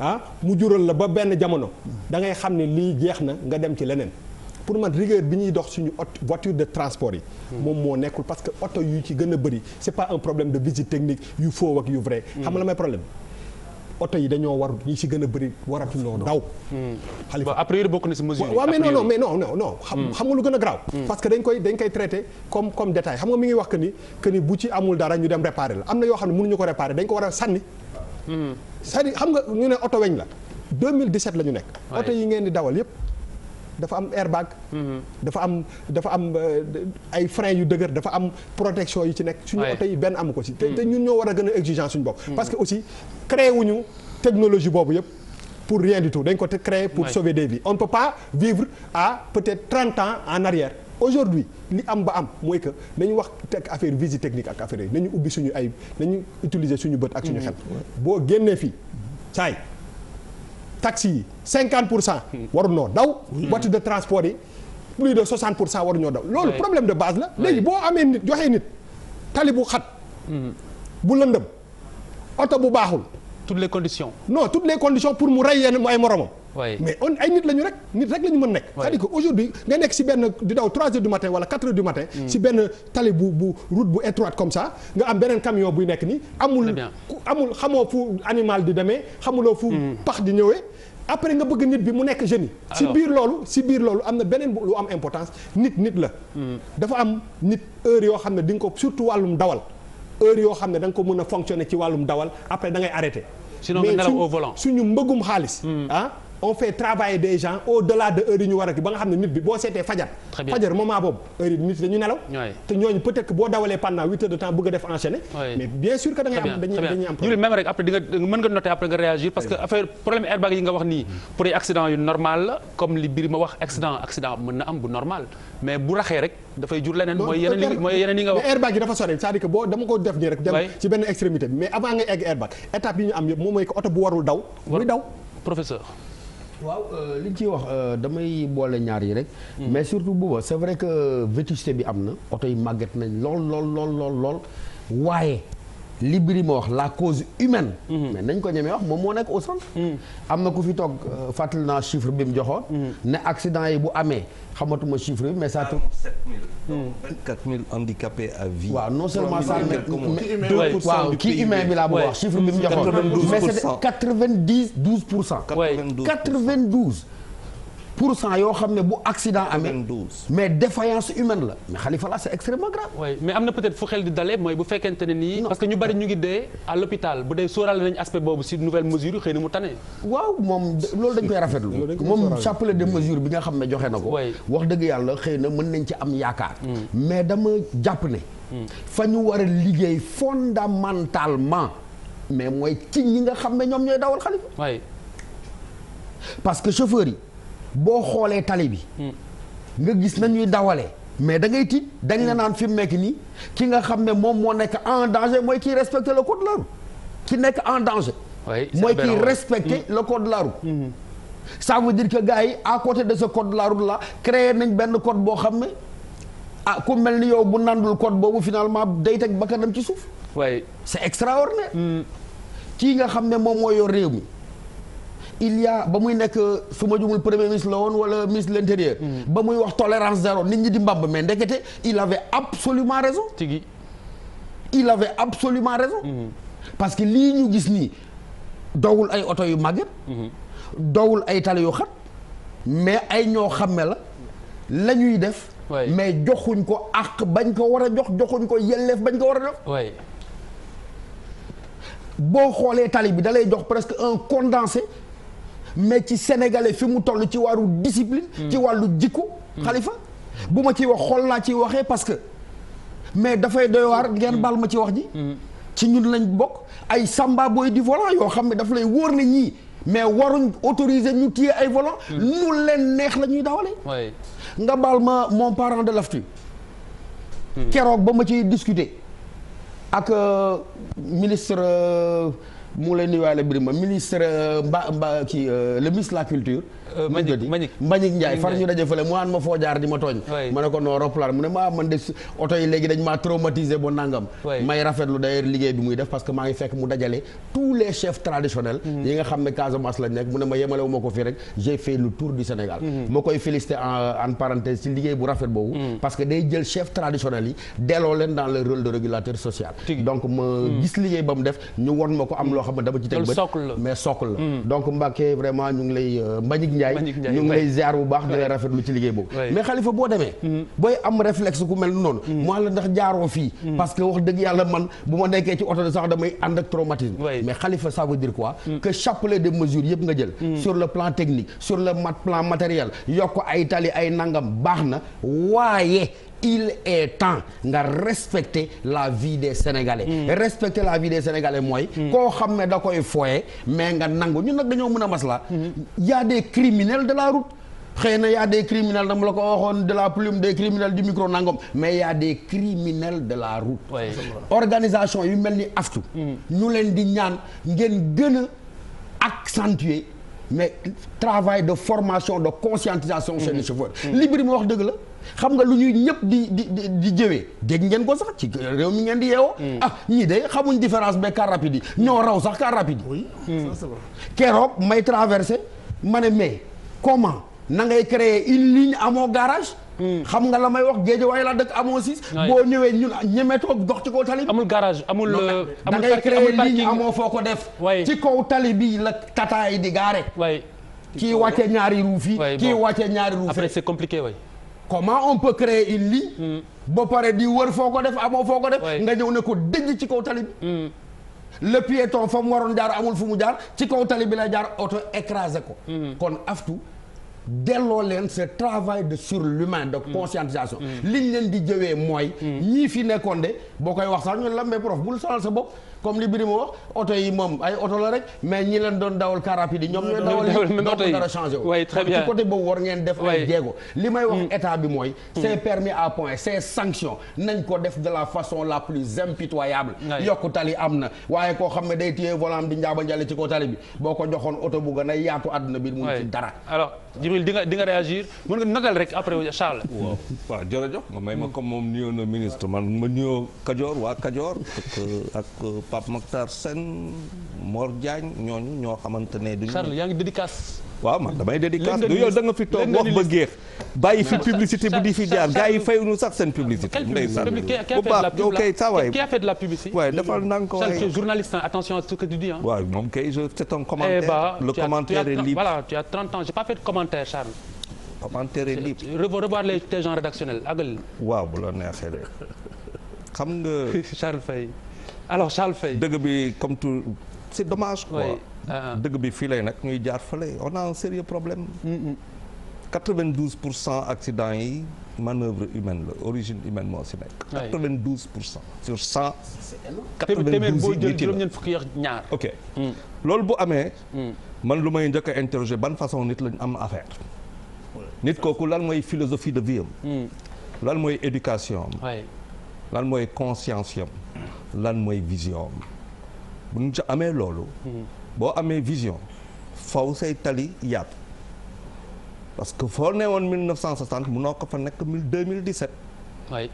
ah mu jural la ba benn jamono da ngay xam ni lii jeex na nga dem ci leneen pour man rigueur bi ñuy dox suñu ot voiture de transport yi moom moo nekkul parce que oto yu ci gën a bëri c'est pas un problème de visite technique yu faux ak yu vrai xam nga la may problème oto yi dañoo war ñi si gën a bëri waratuñoo daw. Hmm. xalifa a priori bokk na si mesure waaw mais non non mais non hmm. xam nga lu gën a garaaw. Hmm. parce que dañ koy dañ koy traité comme comme détail xam nga mi ngi wax que ni que ni bu ci amul dara ñu dem réparer la am na yoo xam ne mënuñu ko réparer dañ ko war a sànni. cest xam nga ñu ne oto weñ la 2017 la ñu nekk. oto yi ngeen di dawal yëpp. dafa am airbag. dafa am dafa am euh, ay frein yu dëgër dafa am protection yu ci nekk. suñu oto yi benn amu ko si. te mm. te ñun ñoo war a gën a exigeant suñu bopp. Mm. parce que aussi créé wuñu technologie boobu yëpp. pour rien dañ ko créer pour oui. sauver des vies on ne peut pas vivre à peut-être trente ans en arrière aujourd'hui li am ba am mooy que nañu wax teg affaire visite technique ak affaire yi nañu ubbi suñu ay nañu utiliser suñu bët ak suñu mm. xel boo génnee fii saay taxi yi cinquante pour cent waruñoo daw voiture de transport yi plus de soixante pour cent waruñoo daw loolu problème de base la léegi boo amee nit joxee nit tali bu xat hmm. bu lëndëm oto bu baaxul toutes les conditions non toutes les conditions pour mu rey yenn ay moromam mais on ay nit la ñu rek nit rek la ñu mën nekk c'est-à-dire que aujourd'hui nga nekk si benn di daw trois heures du matin wala quatre heures du matin si mm. benn tali bu bu route bu étroite comme ça nga am beneen camion buy nekk ni amul amul xamoo fu animal di demee xamuloo fu mm. pax di ñëwee après nga bëgg nit bi mu nekk jeune yi si biir loolu si biir loolu am na beneen lu am importance nit nit la mm. dafa am nit heure yoo xam ne di nga ko surtout wàllum dawal heure yoo xam ne da ko mën a fonctionner ci wàllum dawal après da ngay arrêter sinon mbëggum xaalis ah on fait travailler des gens au-delà de heure yi ñu war a ba nga xam ne nit bi boo seetee fajar. fajar moment boobu heure yi nit dañu nelaw. te ñooñu peut-être boo dawalee pendant huit heures de temps bëgg a def enchaîné. mais bien sûr que da am hmm. ay accident yu normal la bu normal mais bu raxee rek dafay jur leneen. mooy yeneen yi nga wax. mais airbag yi dafa sori cest à boo dama ko def nii rek. dem ci benn extrémité bi mais avant nga egg airbag étape yi ñu am yëpp moom mooy que waaw euh, li ñu ciy wax euh, damay boole ñaar yi rek. Hmm. mais surtout booba c'est vrai que euh, vétusté bi am na oto yi màgget nañ lool lool lool lool lool waaye. li biri wax la cause humaine. Mhm. mais nañ ko ñemee wax moom moo nekk au centre. Mhm. am na ku fi toog euh, fàttali naa chiffre bi mu joxoon. Mhm. ne accident yi bu amee xamatuma chiffre bi mais ça. 7000 ah, donc 24000 handicapés à vie. waaw kii humain bi laa bëgg wax chiffre bi mu joxoon. mais c'est 92 pour cent. 92 pour cent pour cent yoo xam ne bu accident amee. mais défaillance humaine la. mais Khalifa là c'est extrêmement mais am na peut-être fu xel di dalee mooy bu fekkente ne nii. parce que ñu bari ñu ngi dee à l'hôpital bu dee sóoraale nañu aspect boobu ci nouvelle mesure yi xëy na mu tane. waaw moom loolu dañ koy rafetlu. moom chapelet de mm. mesure bi nga xam ne joxe na ko. wax dëgg yàlla xëy na mën nañ ci am yaakaar. Mm. mais dama jàpp ne. Mm. fa ñu war a liggéey fondamentalement mais mooy ci ñi nga xam ne ñoom ñooy dawal Khalifa. parce que chauffeur yi. boo xoolee tali bi. nga gis nañuy dawale mais dangay ngay tiit dañ la naan fi mu nekk nii ki nga xam ne moom moo nekk en danger mooy kii respecter la code de la ki nekk en danger. mooy kiy respecter le code de la route. Mm. Mm-hmm. ça veut gars yi à côté de ce code de la route là nañ benn code boo xam ne ah ku mel ni yow bu nandul code boobu finalement day teg bakkanam ci suuf. waaye c'est extraordinaire. Mm. kii nga xam ne moom moo yor réew mi. il y ba muy nekk euh, su ma jumul premier ministre la woon wala ministre de l'intérieur mm. ba muy wax tolérance zéro nit ñi di mbamb mais ndekete il avait absolument raison tigi il avait absolument raison mm-hmm. parce que lii ñu gis nii dowul ay oto yu màgget mm-hmm. dowul ay tali yu xat mais ay ñoo xamme la la ñuy def mais joxuñ ko àq bañ ko war a jox joxuñ ko yelleef bañ ko war a jox boo xoolee tali bi dalay jox presque un condensé mais ci sénégalais fi mu toll ci waru discipline. Mm. ci wàllu jikku. xalifa mm. bu ma ciy wax xool naa ci waxee parce que mais dafay doy waar ngeen mm. baal ma ci wax ji. ci ñun lañ bokk ay samba boy di volant yoo xam ne daf lay wóor na ñii mais waruñ autoriser ñu téye ay volant. mu leen neex la ñuy dawale. nga baal ma mon parent de l'AFTU. keroog ba ma ciy discuter ak euh, ministre. Euh, mu lay nuyuwaale Birima ministre euh, mba mba kii euh, le ministre la culture. Euh, Mbagnick Mbagnick Mbagnick Ndiaye far ñu daje fële mu naan ma foo jaar di ma ma ne ko non roplaan mu oto yi léegi dañ maa traumatisé ba nangam. may rafetlu d'ailleurs liggéey bi muy def parce que maa ngi fekk mu dajale tous les chefs traditionnels. Mhm. yi nga xam ne Casamance lañ nekk mu ne ma yemalewu ma ko fii rek j'ai fait le tour du Sénégal. Mhm. ma koy félicité en en parenthèse ci liggéey bu rafet boobu. Mhm. parce que day jël chefs traditionnels yi de loo xam ne dama ci teg bët mais socle la hmm. donc Mbacké vraiment ñu ngi lay euh, Mbagnick Ndiaye ñu ngi lay ziar bu baax di lay rafetlu ci liggéey boobu mais xalifa boo demee hmm. booy am réflexe ku mel noonu hmm. moo la ndax jaaroo fii parce que wax dëgg yàlla man bu ma nekkee ci oto sax damay ànd ak traumatisme mais xalifa ça dire quoi que chapelet de mesures yëpp nga jël sur le plan technique sur le plan matériel yokk ay tali ay nangam baax na waaye il est temps nga respecter la vie des sénégalais. Mm. respecter la vie des sénégalais mooy. Mm. koo xam ne da koy foye mais nga nangu ñu nag dañoo mën a masla mm. y a des criminels de la route. xëy na y a des criminels la ko waxoon de la plume des criminels du nangam mais y a des criminels de la route. Oui. organisation yu mel ni aftu. ñu leen di ñaan ngeen gën a accentuer mais travail de formation de conscientisation. chez les chauffeurs. li Birima wax dëgg la. xam nga lu ñuy ñëpp di di di jëwee dégg ngeen ko sax ci réew mi ngeen di yeewoo. Hmm. ah ñii de xamuñ différence be car rapide yi hmm. ñoo raw sax car rapide yi. Hmm. keroog may traversé ma ne mais comment na ngay créer une ligne amoo garage. xam nga la may wax géej waaye la dëkk amoo siis boo ñëwee ñun ñemetoo dox ci kaw tali bi amul garage amul euh, da ngay créer ligne amoo foo ko def ci kaw tali bi la tataay di gaare kii wàcce ñaari ruuf yi kii wàcce ñaari ruuf après c'est compliqué waay comment on peut créer une ligne. Hmm. ba pare di wër foo ko def amoo foo ko def. nga ñëw ne ko dëj ci kaw tali bi. Hmm. le piéton fa mu waroon jaar amul fu mu jaar ci kaw tali bi la jaar auto écrasé ko. Hmm. kon aftu delloo leen ce travail de sur l'humain de conscientisation. liñ leen di jëwee mooy. ñii fi nekkoon de boo koy wax sax ñun la mais prof bul sonal sa bopp. comme li Birima wax oto yi moom ay oto la rek mais ñi leen doon dawal car rapide yi ñoom ñooy dawal même oto yi dara changé wu ci côté boobu war def ay jéego mm. bi mooy mm. ces def de la façon la plus impitoyable yokku tali am na waaye koo xam ne day téye volant di njaaba njale ci ko tali bi boo ko joxoon oto bu gën a yaatu àdduna bi mu ci dara alors Jibril di nga di nga réagir mën nga notal rek après Charles waaw waaw may ma comme moom nuyoo ministre man ma nuyoo Kajoor waa Kajoor ak Pape Makhtar Sène Mor Diagne ñooñu ñoo xamante ne duñu. yaa ngi dédicace. waaw man damay dédicace du yow fi toog wax ba bàyyi fi publicité bu di fi jaar gars yi fayuñu sax seen publicité. ndeysaan bu a fait de la publicité. waay defal na nga ko waay Charles journaliste attention à ce que tu dis ah. waaw moom kay c'est eh commentaire. le commentaire libre tu as 30 ans j'ai pas fait de commentaire Charles. commentaire libre. revoir les gens rédactionnels àggal. waaw bu la neexee de xam nga. alors Charles Faye dëgg bi comme tout c'est dommage quoi ah, ah. dëgg bi fii lay nag ñuy jaar fële on a un sérieux problème 92 mm, mm. pour cent accident yi manœuvre humaine la origine humaine moo si nekk. 92 pour cent sur 100. téeméer boo jël juróom-ñeent fukki ak ñaar. ok mm. loolu bu amee. man lu may njëkka a interroger ban façon nit lañu am affaire. nit kooku lan mooy philosophie de vie am. lan mooy éducation lan mooy conscience am. lan mooy vision am bu ñu ci amee loolu. boo amee vision faw say tali yaatu. parce que foo nee woon 1960 munoo ko fa nekk 2017. oui.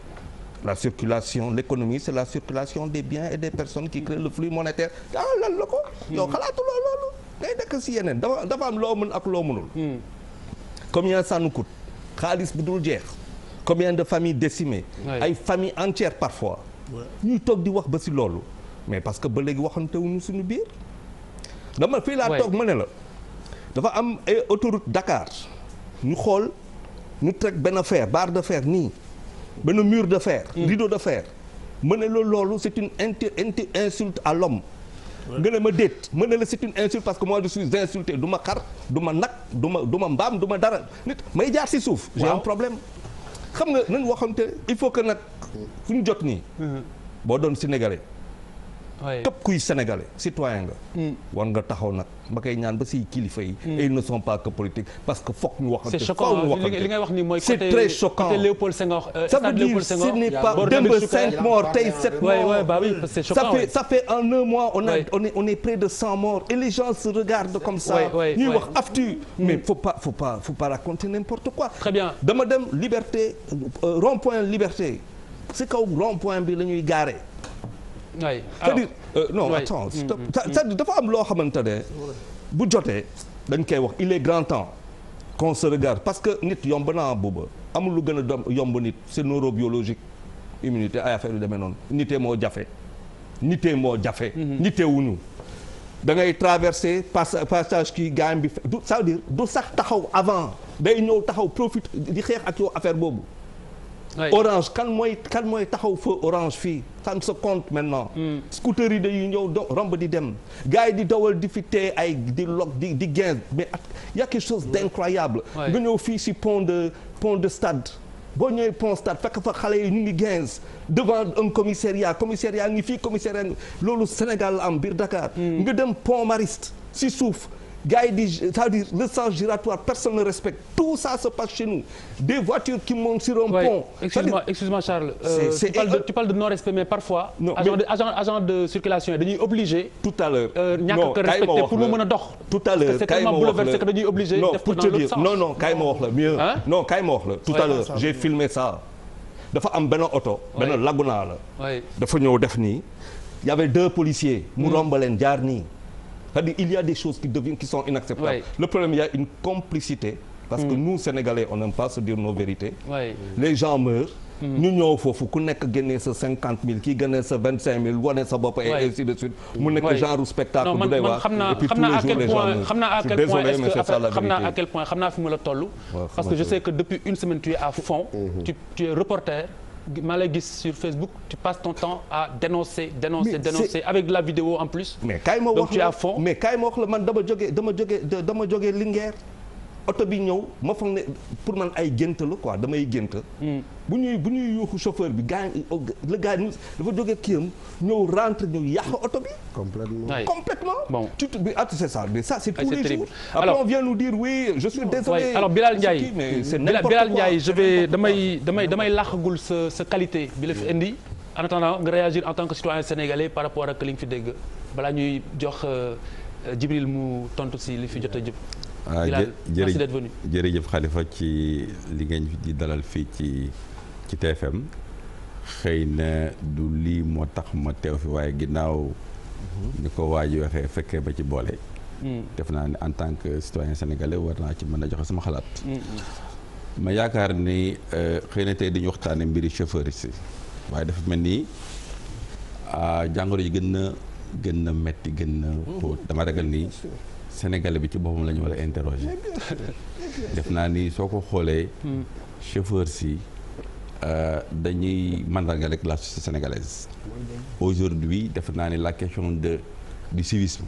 la circulation l'économie c'est la circulation des biens et des personnes qui créent le flux monétaire ah lan la ko. yow xalaatuloo loolu ngay nekk si yeneen dafa dafa am loo mën ak loo mënul. Hmm. combien ça nous coûte xaalis bu dul jeex. combien de familles décimées. ay famille familles entières parfois. ñuy toog di wax ba si loolu mais parce que ba léegi waxantewuñu suñu biir dama fii laa toog ma ne la dafa am ay autoroute Dakar ñu xool ñu teg benn fer bar de fer nii benn mur de fer mm. rideau de fer ma ne la loolu c'est une inti inti insulte à l'homme nga ne ma déet ma ne la c'est une insulte parce que moi je suis insulté du ma xar du ma nag du ma du ma mbaam du ma dara nit may jaar si suuf j'ai un problème xam nga nañ waxante il faut que nag fu ñu jot nii. Mm-hmm. boo doon sénégalais. képp kuy sénégalais citoyen nga mm. war nga taxaw nag ba koy ñaan ba si kilifa yi mm. et ne sont pas que politique parce que foog ñu waxante foog ñu waxante li ngay wax ni mooy c'est très choquant côté Léopold Senghor euh, ça veut dire ce n'est pas démb cinq morts tey sept morts a on est on wax aftu mm. mais faut pas faut pas raconter n'importe quoi dama dem liberté euh, rond-point liberté si kaw rond-point bi la ñuy gaare oui c'est-à-dire euh, non mm, mm, mm. dafa am loo xamante ne bu jotee dañ koy wax il est grand temps qu'on se regarde parce que nit yomb naa booba amul lu gën a yomb nit c'est neurobiologique immunité ay affaire yu demee noonu nitee moo jafe nitee moo jafe mm-hmm. nitewuñu da ngay traverser passage kii gaam bi ça veut dire du sax taxaw avant day ñëw taxaw profite di xeex ak yow affaire boobu orange kan mooy kan mooy taxaw feu orange fii ça sa se compte maintenant. Hmm. scooter yi dañuy ñëw do romb di dem gars yi di dowal di fi te ay di log di di gain mais y a quelque chose d'incroyable. nga ñëw fii si pont de pont de stade. boo ñëwee pont stade fekk fa xale yi ñu ngi 15 devant un commissariat commissariat ngi fii commissariat loolu Sénégal am biir Dakar. Hmm. nga dem pont Mariste si suuf gars yi di c'est-à-dire le sens giratoire personne ne respecte tout ça se passe chez nous des voitures qui montent sur un ouais. pont. excuse Charles. Euh, tu, parles de, non-respect mais parfois. agent de agent, agent de circulation obligé. tout à l'heure euh, non kaay ma wax la dox. tout la c'est que dañuy obligé. def ko dans l'autre sens non non mieux. non kaay ma wax la tout à l'heure j'ai filmé ça. dafa am benn oto. benn laguna la. dafa ñëw def nii. y avait deux policiers. mu hmm. romb leen jaar nii. cest dire il y a des choses qui deviennent qui sont inacceptables. Le problème, y a une complicité. parce que hmm. nous Sénégalais on n'aime pas se dire nos vérités. Les gens meurent. ñu hmm. ñëw foofu ku nekk génnee sa mille kii génnee sa mille wane sa bopp. et ainsi de suite mu nekk genre spectacle. bu tous les jours les gens meurent. que je sais que depuis une semaine tu es à fond. Mhm. tu es reporter. maa lay gis sur Facebook tu passes ton temps à dénoncer dénoncer dénoncer avec de la vidéo en plus. mais kaay ma wax la donc tu es à fond. mais kaay ma wax la man dama jógee dama jógee dama jógee Linguère. oto bi ñëw ma foog pour man ay gént la quoi damay gént. Hmm. bu ñuy bu ñuy yuuxu chauffeur bi gaañ oh, le gars dafa ñëw rentre ñëw yàq oto bi. complètement complètement. bon tu te c'est ah, ça mais ça c'est tous les jours. après on vient nous dire oui je suis désolé. alors Bilal Ndiaye Bilal damay damay sa sa qualité bi la fi indi. en attendant nga réagir en tant que citoyen sénégalais par rapport ak li nga fi dégg balaa ñuy jox euh, Djibril mu tontu si li fi jot a jub. Ah, merci d'être venu jërëjëf Khalifa ci liggéey ngeen di dalal fii ci ci TFM xëy na du lii moo tax ma teew fi waaye ginnaaw ñu mhm. ko waa ji waxee fekkee ba ci boole. Mm. def naa ne en tant que citoyen sénégalais war naa ci mën a joxe sama xalaat. Mm, mm. ma yaakaar ni euh, xëy na tey dañu waxtaane mbiri chauffeur si waaye dafa mel ni ah, jàngoro yi gën na gën na metti gën na xóot dama ragal nii. sénégalais bi ci boppam la ñu war a def naa ni soo ko xoolee chauffeur si euh, dañuy mandargal rek la société sénégalaise aujourd'hui def naa ni la question de du civisme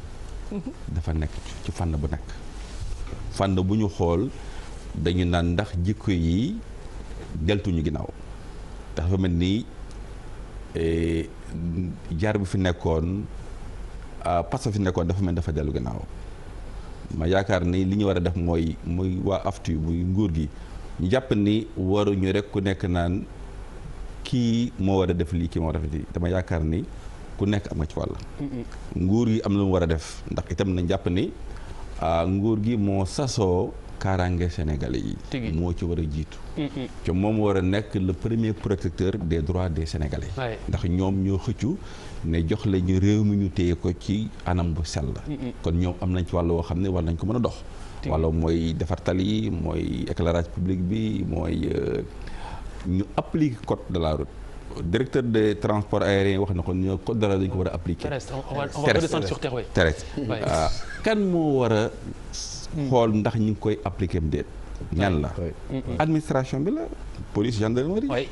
dafa nekk ci fànn bu nekk fànn bu ñu xool dañu naan ndax jikko yi deltuñu ginnaaw dafa mel ni e, jaar bu fi nekkoon euh, parce que fi nekkoon dafa mel dafa dellu ginnaaw ma yaakaar ni li ñu war a def mooy mooy waa aftu muy nguur gi ñu jàpp ni waruñu rek ku nekk naan kii moo war a def lii kii moo rafet yi dama yaakaar ni ku nekk am nga ci wàll. nguur gi am na lu mu war a def ndax itam na jàpp ni ah, nguur gi moo sasoo. kaaraange sénégalais yi moo ci war a jiitu te moom war a nekk le premier protecteur de droits des sénégalais ndax ñoom ñoo xëccu ne jox la ñu réew mi ñu téye ko ci anam bu sell kon ñoom am nañ ci wàll woo xam ne war nañ ko mën a dox wala mooy defar tali mooy éclairage public bi mooy euh, ñu appliquer code de la route directeur des transports aériens wax na ko ñoo code de la route dañu ko war a appliquer terrestre on va euh, moo war Hmm. xool ndax ñu ngi koy appliquer mu déet ñan la hmm, hmm. administration bi la police gendarmerie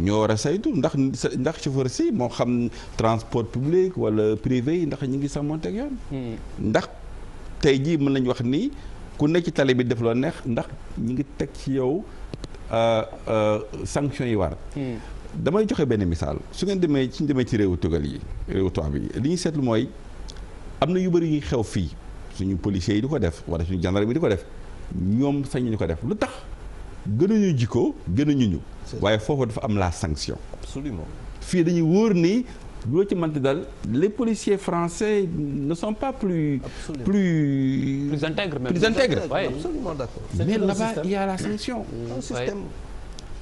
ñoo war a saytu ndax ndax chauffeur si moo xam transport public wala privé yi ndax ñu ngi sàmmonteeg yoon ndax tey jii mën nañu wax nii ku nekk ci tali bi def loo neex ndax ñu ngi teg ci yow euh, euh, sanction yi war damay joxe benn misaal su ngeen demee suñu demee ci réewu tugal yi réewu tubaab yi li ñuy seetlu mooy am na yu bëri yuy xew fii suñu policiers yi di ko def wala suñu gendarme yi di ko def ñoom sañu ñu ko def lu tax gënuñu jikko gënuñu ñu. waaye foofu dafa am la sanction. absolument fii dañuy wóor ni loo ci mënti dal le policiers français ne sont pas plus. Absolument. plus plus intègres plus intègres. mais là-bas il a la sanction.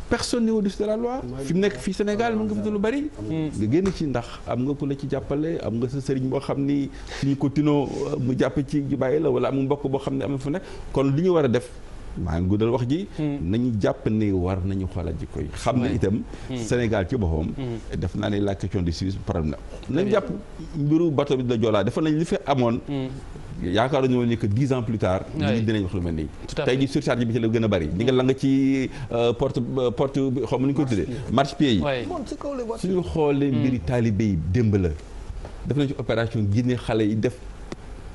personne n'est au-dessus de fi mu nekk fii Sénégal mën nga fi lu bari nga génn ci ndax am nga ku la ci jàppale am nga sa sëriñ boo xam ni suñu ko tinoo euh, mu jàpp ci bàyyi la wala am mbokk boo xam ne am fu nekk kon li ñu war a def maa ngi guddal wax ji. Hmm. nañu jàpp ne war nañu xoolaat jikko yi. xam na itam. Hmm. Sénégal ci boppam. Hmm. def naa ne la question du civisme problème na. nañ jàpp mbiru bato bi la Joola defoon nañ li fi amoon. yaakaar nañu ne que dix ans plus tard. nit ñi dinañ wax lu mel nii. tey jii surcharge bi ci la gën a bari. ñu ngi lang ci euh, porte euh, porte xaw ma nu ñu ko tuddee. marche pieds yi. suñu xoolee mbiri taalibe yi démb la. def nañ ci opération génne xale yi def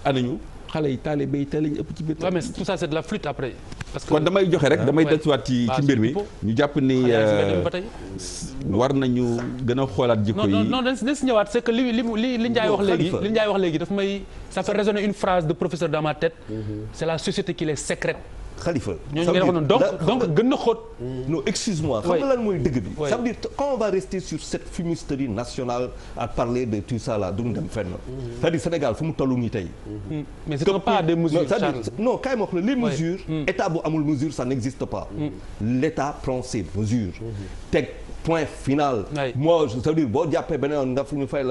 anañu xale yi taalibe yi tey lañu ëpp ci biir. waaw mais tout ça c'est de la flûte après. parce que kon damay joxe rek damay dellusiwaat ci ci mbir mi. ñu jàpp ni euh, war nañu gën a xoolaat jikko yi. non non non dañ si ñëwaat c'est que li li li Ndiaye wax léegi li Ndiaye wax léegi daf may. ça fait résonner une phrase de professeur dans ma tête. Mhm. c'est la société qui les sécrète. xalifa. ñooñu ngeen waxoon donc donc gën na xóot. non excuse-moi. xam nga lan mooy dëgg bi. ça veut dire quand on va rester sur cette fumisterie nationale à parler de tout ça là duñu dem fenn. Mm-hmm. c'est-à-dire Sénégal fu mu tollu nii tey. Mm-hmm. mais c'est pas des mesures Charles. non kay ma wax la les mesures. Mm. état bu amul mesure ça n'existe pas. Mm. l'État prend ses mesures. Mm-hmm. teg. point final. moi je veux dire boo nga ñu fay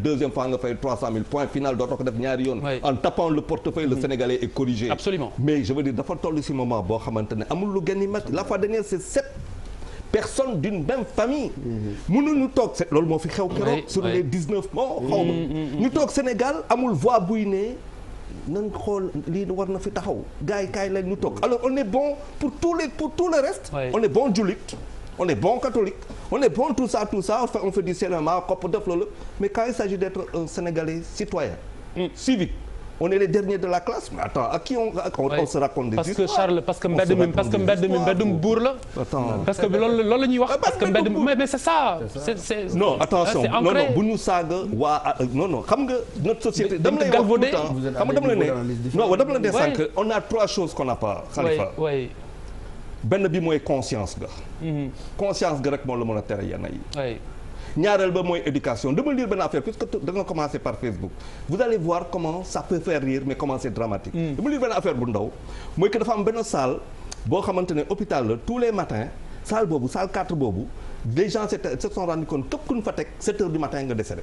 deuxième fois nga fay trois cent mille point final dootoo def ñaari en tapant le portefeuille le mm-hmm. Sénégalais est corrigé. absolument mais je veux dire dafa toll si moment boo xamante ne amul lu gën a mat la fois dernière c'est sept personnes d'une même famille. Mm-hmm. mënuñu moo fi xew keroog. sur mm-hmm, ñu toog Sénégal amul voix buy ne. nan xool lii war na fi taxaw gars yi kaay lañ ñu toog alors on est bon pour tous les pour tout le reste. on est bon jullit. on est bon catholique on est bon tout ça tout ça on fait, on fait du cinéma kopp def loolu il s'agit d'être un citoyen mm. civique on est les derniers de la classe mais attends à qui on, se raconte des parce que parce que mbedd mi parce que mbedd mi mbeddum buur la. parce que loolu loolu la ñuy wax. Ah, parce que mbedd mi mais non attention non non bu ñu saaga ah, non non xam nga notre société. dama lay wax tout le la ne non on a trois choses qu'on n'a pas. Khalifa benn bi mooy conscience ga mhm. conscience ga rek moo la mën a tere yenn yi ñaareel ba mooy éducation dama lire benn affaire que da nga commencer par Facebook vous allez voir comment ça peut faire rire mais comment dramatique mhm. dama lire benn affaire bu ndaw mooy que dafa am benn salle boo xamante ne hôpital la tous les matins salle boobu salle 4 boobu les gens se sont rendu compte képp ku ñu fa teg 7 heures du matin nga décédé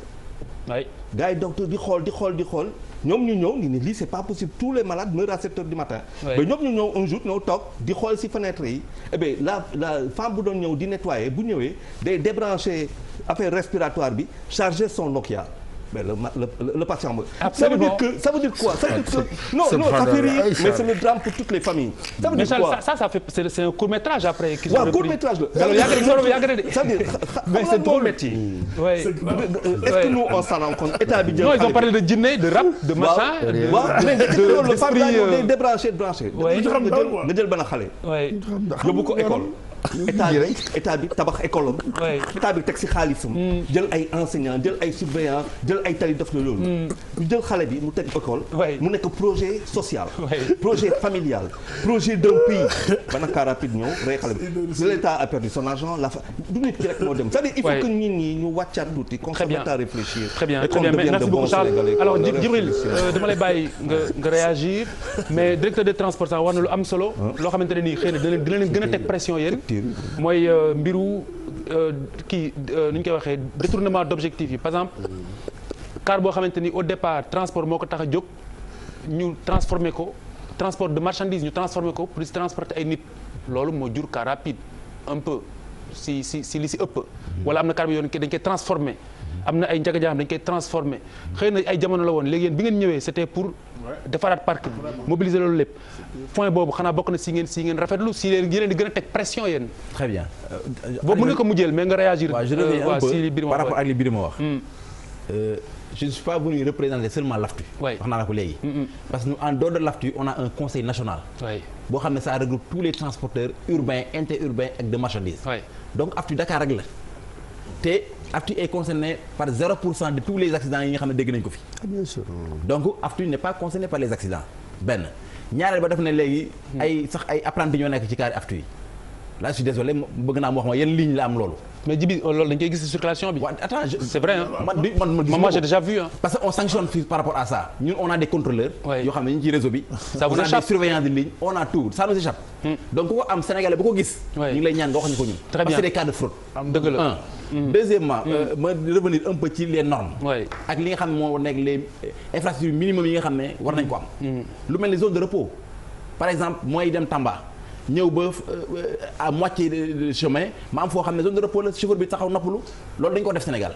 gars yi docteur di xool di xool di xool ñoom ñu ñëw ni ni lii c'est pas possible tous les malades meurent à sept heures du matin mais ñoom ñu ñëw un jour ñëw toog di xool ci fenêtre yi eh la la femme bu doon ñëw di nettoyer bu ñëwee day débrancher affaire respiratoire bi charger son Nokia mais le le, le patient meurt. ça veut dire que ça veut dire quoi ça veut dire que non non ça fait rire mais c'est le drame pour toutes les familles. ça veut dire quoi ça ça fait c'est un court métrage après. qui waaw court métrage la. mais c'est trop métti. est-ce que nous on s'en rend compte état bi. non ils ont parlé de dîner de rap de machin. de de de euh, débranché branché. nga jël benn xale. yóbbu ko école. état bi état bi tabax école am. état bi teg si xaalisam. Hmm. jël ay enseignants jël ay surveillants jël ay tali def na loolu. Hmm. ñu jël xale bi mu teg école. mu nekk projet social. projet familial projet d'un pays. bana car rapide ñëw rey xale bi. l'état son argent la fa du nit ki rek moo dem. c'est-à-dire il faut que ñun ñi wàccaat tuuti. qu'on se mette à réfléchir. très bien très bien merci beaucoup euh, nga réagir mais directeur des transports sax wax na lu am solo. loo xamante ne nii xëy na dina leen gën a teg pression yéen structure yi. mooy euh, mbiru euh, kii euh, nu ñu koy waxee détournement d'objectif yi par exemple car boo xamante ni au départ transport moo ko tax jog ñu transformer ko transport de marchandise ñu transformer ko plus transporter ay nit loolu moo jur car rapide un peu si si si li si ëpp. wala am na car bi yoon dañ koy transformer am na ay njëkk dañ koy transformer xëy na ay jamono la woon léegi yéen bi ngeen ñëwee c'était pour. defaraat parc bi mobiliser loolu lépp point boobu xanaa bokk na si ngeen si ngeen rafetlu si leen yéen di gën a teg pression yéen. très bien. boobu mën nga ko mujjeel mais nga réagir. waaw je reviens euh, un peu par rapport ak li Birima wax. Hmm. Euh, je ne suis pas représenter seulement l'AFTU. wax naa la ko léegi. Hmm, hmm. parce que nous en dehors l'AFTU on a un conseil national. boo xam ne ça regroupe tous les transporteurs urbains interurbains ak de marchandises. donc AFTU Dakar Aftu est concerné par 0 pour cent de tous les accidents yi nga xam ne dégg nañ ko fi. Ah, donc Aftu n'est pas concerné par les accidents benn ñaareel ba def ne léegi. ay sax ay apprentis ñoo nekk ci kaari Aftu yi. là désolé bëgg naa mu wax ma yan ligne la am loolu. mais jibi oh, loolu dañ koy gis ci circulation bi. waaw attends c'est vrai man man man j'ai déjà vu parce que on sanctionne par rapport à ça. ñun on a des contrôleurs. yoo xam ne ñu ngi ci réseau Mm. deuxièmement mm. Euh, ma revenir un peu ci les normes ak li nga xam ne moo nekk les infrastructures minimum yi nga xam ne war nañ ko am mm. lu mel ni zone de repos par exemple mooy dem Tamba ñëw ba euh, à moitié de chemin ma am foo xam ne zone de repos la chauffeur bi taxaw noppalu loolu dañ ko def Sénégal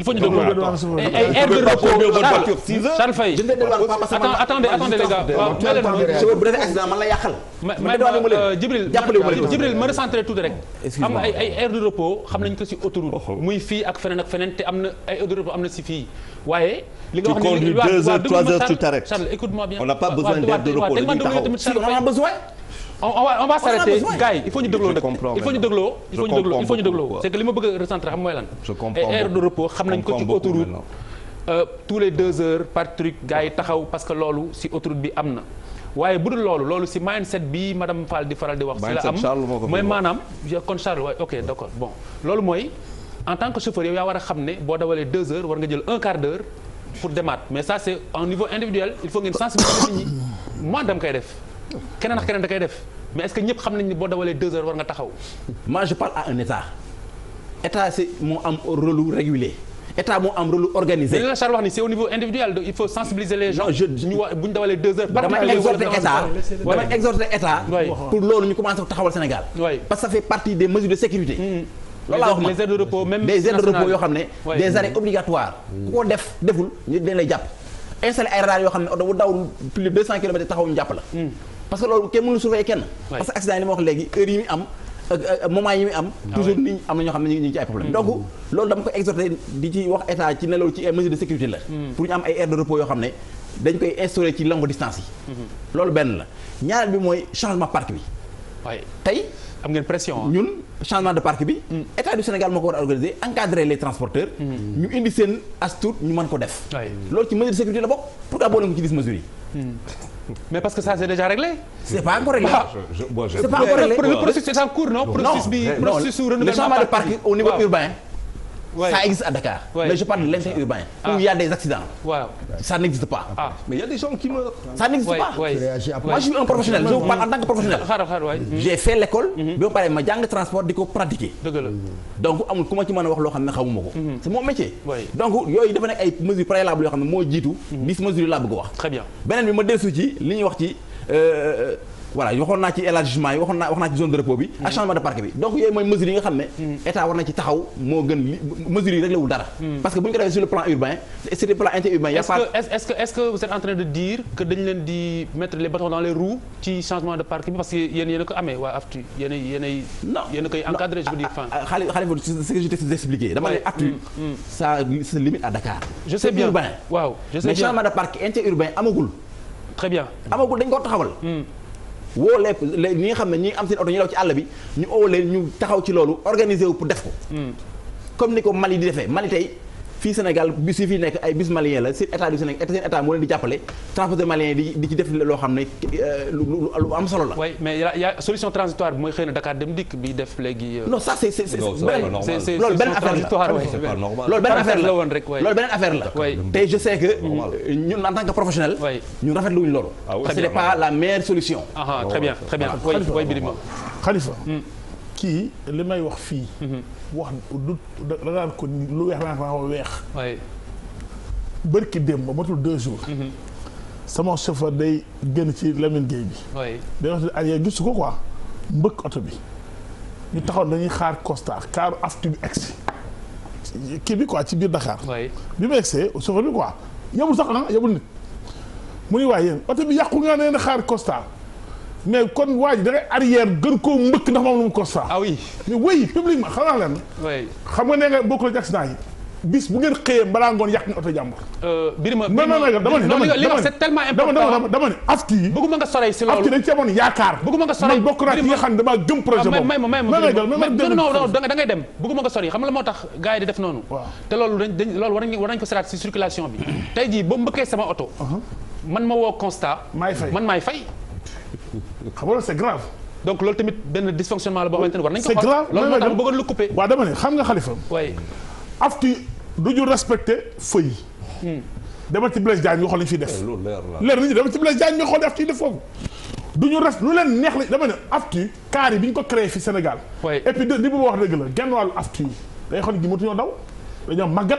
il faut ñu déglu ay air de repos Charles Faye attendez attendez les gars bu defee accident man la yàqal Jibril Jibril ma recentrer tuuti rek am ay ay air de repos xam nañ ko ci autoroute muy fii ak feneen ak feneen te am na ay air de repos am na ci fii waaye li nga wax ni deux heures trois heures tu t'arrêtes Charles écoute-moi bien on n'a pas besoin d'air de repos on va on va s'arrêter gars yi il faut ñu dégloo nag il faut ñu dégloo il faut ñu dégloo il faut ñu dégloo c'est que li ma bëgg a xam mooy lan aire de repos xam nañ ko ci autoroute euh, tous les deux heures par truc gars yi taxaw parce que loolu si autoroute bi am na waaye bu dul loolu loolu si mindset bi madame Fall di faral di wax si la am mooy maanaam kon Charles waaye ok d'accord bon loolu mooy en tant que chauffeur yow yaa war a xam ne boo dawalee deux heures war nga jël un quart d'heure pour demaat mais ça c'est en niveau individuel koy def keneen ak keneen da koy def mais est-ce que ñëpp xam nañ ni boo dawalee deux heures war nga taxaw. moi je parle à un état état c'est moo am rôle régulier état moo am rôle organisé. la Charles wax ni c'est au niveau individuel il faut sensibiliser ñu wax bu taxawal Sénégal. parce que fait partie des mesures de sécurité. Mm-hmm. loolu laa wax ma des aires de repos des aires de repos yoo xam ne. des arrêts obligatoires. ku ko def deful ñu dañ lay jàpp. installé ay radar yoo xam ne oto bu daw plus de parce que loolu kenn mënu surveiller kenn. parce que accident yi li ma wax léegi heure yi muy am moment yi muy am. Ah toujours nit am na ñoo xam ne ñu ngi ci ay problème mm. donc loolu dama ko exhorté di ci wax état ci ne loolu ci ay mesures de sécurité la. Mm. pour ñu am ay aires de repos yoo xam ne dañ koy instauré ci longue distance yi. Mm-hmm. loolu benn la ñaareel bi mooy changement parc bi. waaye tey. am ngeen pression ñun changement de parc bi. Mm. état du Sénégal moo ko war a organiser encadrer les ñu indi seen astuut ñu mën ko def. loolu ko ci 10 mesures mais parce que ça c'est déjà réglé. c'est pas encore réglé. c'est pas encore réglé le processus est en cours non. processus bi processus renouvellement de parc au niveau urbain. Ouais. Ça à Dakar. Ouais. Mais je parle de l'interurbain. Ah. Où il y a des accidents. pas. Ah. Mais hmm. fait l'école. Hmm. bi ma paree ma jàng transport di ko pratiquer. donc amul ku ma ci mën a wax loo xam ne xamuma ko. Hmm. c'est mon métier. donc yooyu dafa nekk ay mesures préalables yoo xam ne moo jiitu. 10 mesures laa bëgg wax. beneen bi ma dellusi ci li ñuy wax ci. Euh, voilà waxoon naa ci élargissement yi waxoon naa wax naa ci zone de bi hmm. ak changement de parc bi donc yooyu mooy mesures nga xam ne hmm. état war na ci taxaw moo gën li mesures yi wul dara hmm. parce que bu ko defee sur le plan urbain ci de parc bi parce que yéen ko amee waa AFTU yéen a koy encadré je veux dire fan xaali xaalifa ce que je t'ai dama ne AFTU ça se limite à Dakar je sais bien waaw je changement de parc interurbain amagul très bien amagul woo les le nga xam ne ñi am seen oto ñu daw ci àll bi ñu oo leen ñu taxaw ci loolu organiser wu pour def ko. Hmm. comme ni ko Mali di defee Mali tey. fii Sénégal bis yi fi nekk ay bis malien la seen état du Sénégal seen état moo leen di jàppale transporteur malien di di ci def loo xam ne euh, lu am solo la. mais y' solution transitoire bi mooy xëy na Dakar dem dikk bi def léegi. Euh, non ça c' est c' est loolu benn affaire la loolu benn affaire la woon rek loolu benn affaire la. tey je sais que euh, ñun en tant que professionnel. ñun rafetlu wuñu loolu. Ah ce n'est pas la meilleure solution. Ah, ah, très bien très bien Khalifa hmm. kii li may wax fii. Hmm. wax du da naan ko lu weex laa ko weex. bërki démb ba matul deux jours. Mm-hmm. sama chauffeur day génn ci Lamine Gueye bi. oui day wax ne gisu ko quoi mbëkk oto bi. ñu taxaw nañuy xaar constat kaaru aftu bi egsi kii bi quoi ci biir Dakar. bi mu egsee chauffeur bi quoi yebul sax na ah, yebul nit. mu ni waaye yéen oto bi yàqu nga ne xaar constat. mais kon waa ji arrière gën koo mbëkk ndax moom lu mu constat. ah oui mais oui publiquement xanaa lan. oui xam nga nee nga bokkul ak accident yi. bis bu ngeen xëyee balaa ngoon yàq nga oto jàmbur. Euh, Birima non dama ne dama ne li bëgguma nga sorey si loolu afti dañ ci amoon yaakaar. bëgguma nga sorey man bokk naa ci nga xam ne damaa gëm projet ah, boobu. may ma may ma non non non da ngay dem te loolu dañ dañ loolu war nañ ko saraat si circulation bi. tey jii ba mbëkkee sama oto. Uh-huh. man ma woo constat. maay fay man maay fay. xam nga c'est grave. donc tamit benn dysfonctionnement la boo xamante ne war nañu ko. c'est grave loolu moo tax bëggoon lu coupé. waaw dama ne xam nga xalifa. oui afti du ñu respecté feuille. Hmm. demal ci ñu xool li ñu fiy eh, loolu leer la leer nañu demal ci Blaise Diagne ñu xool afti def du ñu ref lu leen neex la dama ne aftu kaar yi bi ñu ko créé fi Sénégal. et puis de li mu wax dëgg la genn wàllu aftu yi day xool gi mënatuñoo daw dañoo màggat.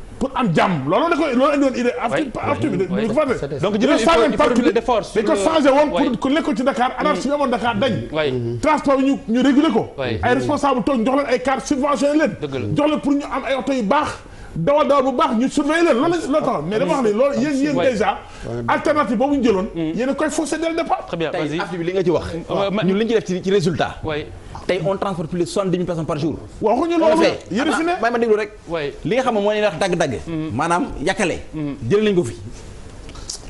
pour am jàmm loolu da koy loolu indi woon idée aftu bi dañu ko fàtte donc dañ ko pour nekkoon ci Dakar anarchie bi mm. amoon dañ mm-hmm. transport bi ñu ko ay responsable toog jox ay carte subventionné leen jox leen pour am ay oto yu baax dawal dawal bu baax ñu surveiller leen loolu la tax mais dama wax ni loolu yéen yéen déjà alternative boobu ñu jëloon hmm. yéen a koy forcer dès le départ très bien bi li nga ci wax ñun li ñu def ci résultat tey on transporte plus de soixante-dix mille personnes par jour waxuñu loolu yéen fi ne may ma déglu rek li nga xam moo ne wax dagg-dagg hmm. maanaam yàkkale hmm. jël nañ ko fi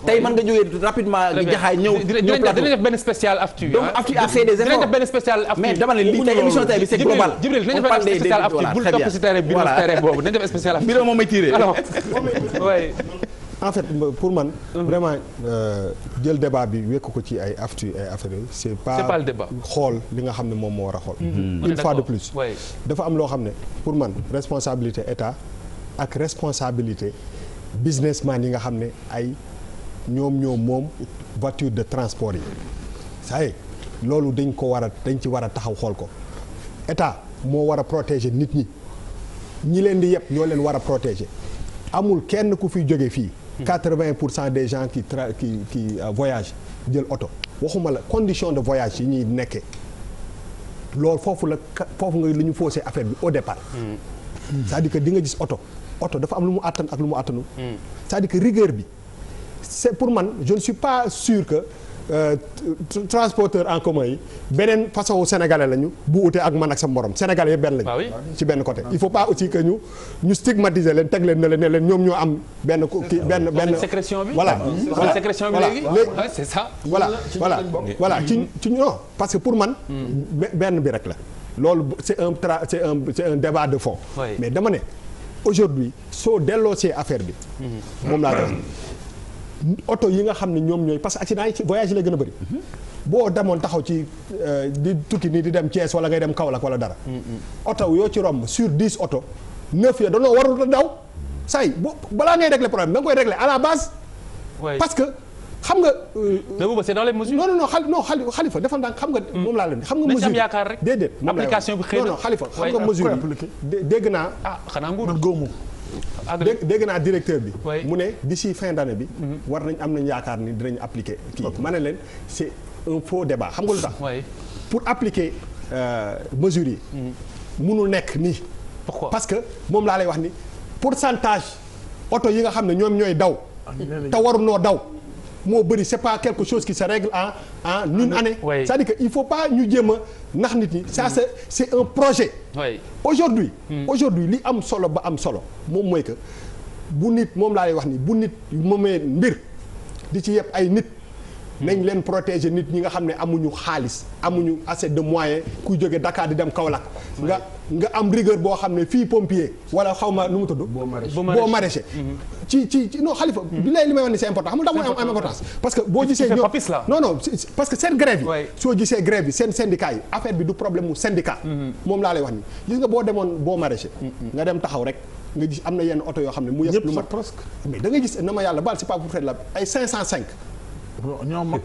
tey mën nga jógee rapidement jaxaay ñëw ñëw plateau dinañ def benn spécial aftu donc ah. aftu a fait des efforts dinañ def benn spécial aftu mais dama ne lii tey émission tey bi c'est global Jibril bul topp si terrain bi terrain boobu dinañ def spécial aftu en fait pour man vraiment euh, jël débat bi wekk ko ci ay aftu ay affaire yooyu c'est pas xool li nga xam ne moom moo war a xool fois de plus dafa am loo xam ne pour man responsabilité état ak responsabilité businessman yi nga xam ne ay ñoom ñoo moom voiture de transport yi ça y loolu dañ ko war a dañ ci war a taxaw xool ko état moo war a protéger nit ñi ñi leen di yëpp ñoo leen war protégé amul kenn ku fi jóge fii. 80 hmm. pour cent des gens qui tra qui qui euh, voyage jël oto waxuma la condition de voyage yi ñuy nekkee loolu foofu la foofu nga lu ñu faussé affaire bi au départ. Hmm. c'est-à-dire que di nga gis oto oto dafa am lu mu àttan ak lu mu àttanu. Hmm. cest à rigueur bi. c'est pour man je ne suis pas sûr que euh, transporteur en commun yi beneen façon sénégalais lañu bu ute ak man ak sa morom sénégalais yi benn lañu. ci benn côté il faut pas aussi que ñu ñu stigmatiser leen teg leen ne leen ne leen ñoom ñoo am benn. kii benn benn sécrétion bi. voilà voilà sécrétion bi léegi c'est ça. voilà voilà ci ci non parce que pour man. Hmm. benn bi rek la. loolu c'est un tra c'est un c'est un débat de fond. mais dama ne aujourd'hui soo delloo delloosee affaire bi. Hmm. moom laa def. oto yi nga xam ne ñoom ñooy parce que accident yi ci voyage la gën a bëri. boo demoon taxaw ci euh, di tukki nii di dem Thiès wala ngay dem Kaolack wala dara. Mm, mm. oto yoo ci romb sur dix oto neuf ya dañoo warul a daw say bu balaa ngay régler problème da nga koy régler à la base. parce que xam nga. Euh, dégg c'est dans les mesures. non non non xali non xali xalifa defal ndànk xam nga. Mm. moom laa leen xam nga mesure yaakaar rek. déedéet application bi xalifa xam nga mesure yi dégg naa. ah xanaa nguur dégg naa directeur bi. mu ne d'ici fin d' année bi. Mhm. war nañ am nañ yaakaar ni dinañ appliquer. kii ma ne leen c' est un faux baax xam nga lu tax. pour appliquer euh, mesures yi. mënul mhm. nekk nii. pourquoi parce que moom laa lay wax ni pour pourcentage oto yi nga xam ne ñoom ñooy daw. Ah, te warunoo daw. moo bëri c'est pas quelque chose qui se règle en en une année que il faut pas ñu jéem a nax nit ñi ça hmm. c'est c'est un projet oui. aujourd'hui hmm. aujourd'hui li am solo ba am solo moom mooy que bu nit moom laa lay wax ni bu nit moomee mbir di ci yëpp ay nit nañ leen protéger nit ñi nga xam ne amuñu xaalis amuñu assez de moyens kuy jóge Dakar di dem Kaolack nga nga am rigueur boo xam ne fii pompier wala xaw ma nu mu tudd boo maraîcher mhm. ci ci non xalifa mhm. bi lay li may wax ni c'est important xam nga tax am importance parce que boo gisee ñoo non non soo gisee grève yi seen syndicat yi affaire bi du problème mu mhm. moom laa lay wax ni gis nga boo demoon boo maraîcher nga dem taxaw rek nga gis am na yenn oto yoo xam ne mu yëpp lu mat presque mais nga gis na ma yàlla baal c'est pas pour ñoo mag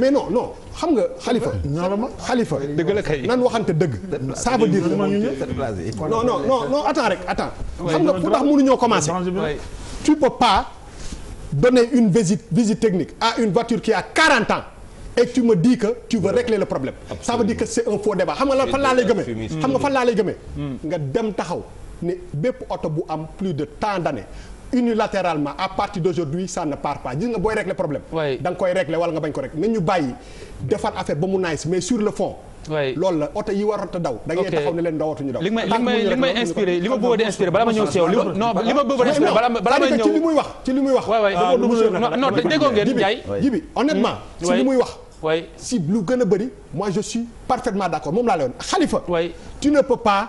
mais non non xam nga xalifa. ñoo la mag xalifa. dëgg la kay nan waxante dëgg. ça veut dire non non non non attends rek attends. xam nga pour tax mënuñoo commencer. tu peux pas donner une visite visite technique ah une voiture qui a 40 ans. et tu me dis que tu veux régler le problème. Absolument. xam nga lan fan laa lay gëmee. xam nga fan laa lay gëmee. Mm. nga dem taxaw ne bépp oto bu am plus de tant d'années unilatéralement à partir d'aujourd'hui ça ne part pas nga booy régler problème. da koy régler wala nga bañ ko régler na bàyyi defar affaire ba mu nice mais sur le fond. oui la oto yi waroon a daw. da taxaw ne leen dawatuñu daw. li may li li ma bëggoon di inspiré bala ma ñëw si li ma bëggoon di inspiré bala ma bala ma ñëw ci li muy wax ci li muy wax. waaw ah, waaw non non déggoo ngeen Ndiaye. jibi honnêtement. si mm. li muy wax. oui si lu gën a bëri. moi je suis parfaitement d'accord moom laa la woon Khalifa. tu ne peux pas.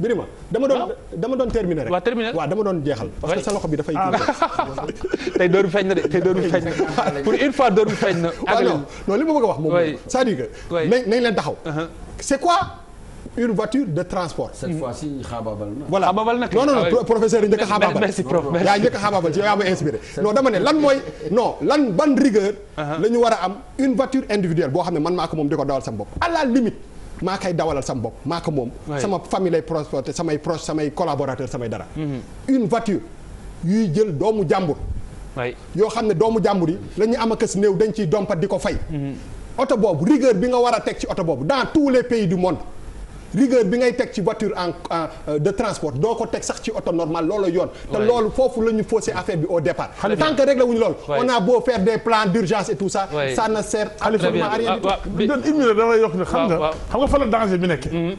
Birima dama doon ah. dama doon terminer rek. waaw terminer dama doon jeexal. parce que sa loxo bi dafay. Ah, tey door bi feeñ na de pour une fois door bi feeñ na. non li ma bëgg a wax moom c'est-à-dire que. nañ nañ leen taxaw. Uh-huh. c'est quoi. une hmm. ah professeur yi njëkk a xaabaabal. merci prof njëkk a xaabaabal ci yaa ma inspiré. non dama ne lan mooy non lan ban rigueur. Uh-huh. la war a am une voiture individuelle boo xam ne man maa ko moom di ko dawal sama bopp à la maa koy dawalal sama bopp maa ko moom. sama famille lay transporté samay proche samay collaborateur samay dara. Mhm. une voiture yuy jël doomu jàmbur. yoo xam ne doomu jàmbur yi lañu am a kës néew dañ ciy dompat di ko fay. Mhm. oto boobu rigueur bi nga war a teg ci oto boobu dans tous les pays du monde. rigueur bi ngay teg ci voiture en euh, de transport doo ko teg sax ci oto normal loolu yoon te loolu foofu la ñu faussé affaire bi au départ tant que réglé wuñu loolu on a beau faire des plans d'urgence et tout ça ça ne sert absolument à rien ah, du tout une yokk ne xam nga xam nga fa la danger bi nekk mm-hmm.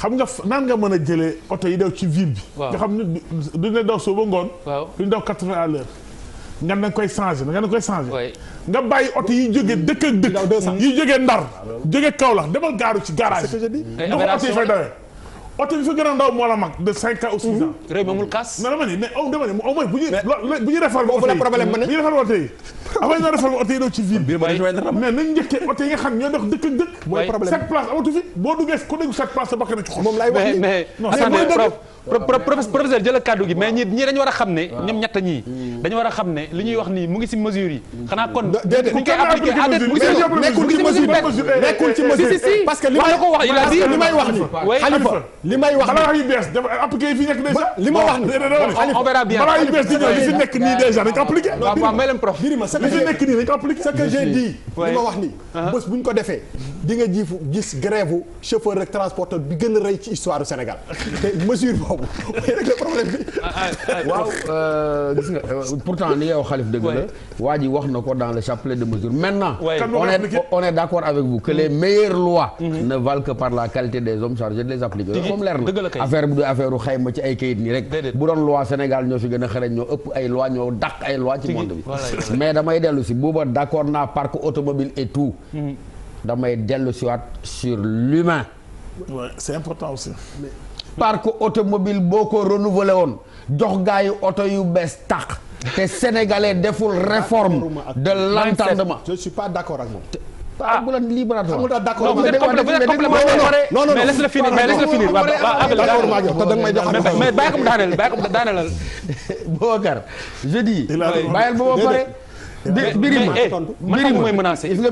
xam nga naan nga mën a jëlee oto yi daw ci ville bi nga xam ne duñ ne daw soo ba ngoon duñ daw quatre-vingts à l'heure nga ne koy changé nga ne koy changé. nga bàyyi oto yi jógee dëkk dëkk. yi jógee Ndar jógee Kaolack demal gaaru ci garage. c'est a ndaw moo la mag de cinq ans ou six ans. réew mi amul kaas. mais mais au dama au moins bu ñuy. bu mais nañ njëkkee oto yi nga xam ñoo dox dëkk dëkk. mooy problème sept place amatu fi boo duggee ku dégg sept place sa bakkan ci xol. professeur jël kàddu gi mais ñi ñii dañu war a xam ne ñoom ñett ñii hmm. dañu war a xam ne li ñuy wax nii mu ngi ci mesure yi hmm. xanaa kon déedéet ci mesure nekkul li may ko wax il a dit li may balaa yu bees dafa appliqué nekk déjà li ma wax nii déjà uh-huh. bu ñu ko defee di jiifu gis grève chauffeur rek transporteur bi gën a rëy ci histoire Sénégal boobu mooy régler problème bi. waaw euh, euh, pourtant li nga wax xalif dëgg la. waa ji wax na ko dans le chapelet de mesures. maintenant on est on est d'accord avec vous que les mm-hmm. meilleures lois. Mm-hmm. ne par la qualité des hommes chargés de les appliquer. moom leer na affaire bu du affaire u xayma ci ay kayit nii rek. bu doon loi Sénégal ñoo si gën a xarañ ñoo ëpp ay loi ñoo dàq ay loi ci monde bi. mais damay dellu si booba d'accord naa parc automobile et tout. Mm-hmm. damay dellu si waat sur l'humain. parc automobile boo ko renouvelé woon jox gaa yi oto yu bees tàq te sénégalais deful réforme de l'entendement je suis pas d'accord ak moom ah bu la libératoire amul daal d'accord mais non non mais laisse la finir mais laisse la finir waaw waaw may jox mais bàyyi ko mu daaneel bàyyi ko mu daaneel Boubacar je dis ba ma pare birima eh, man xam mooy menacé gis nga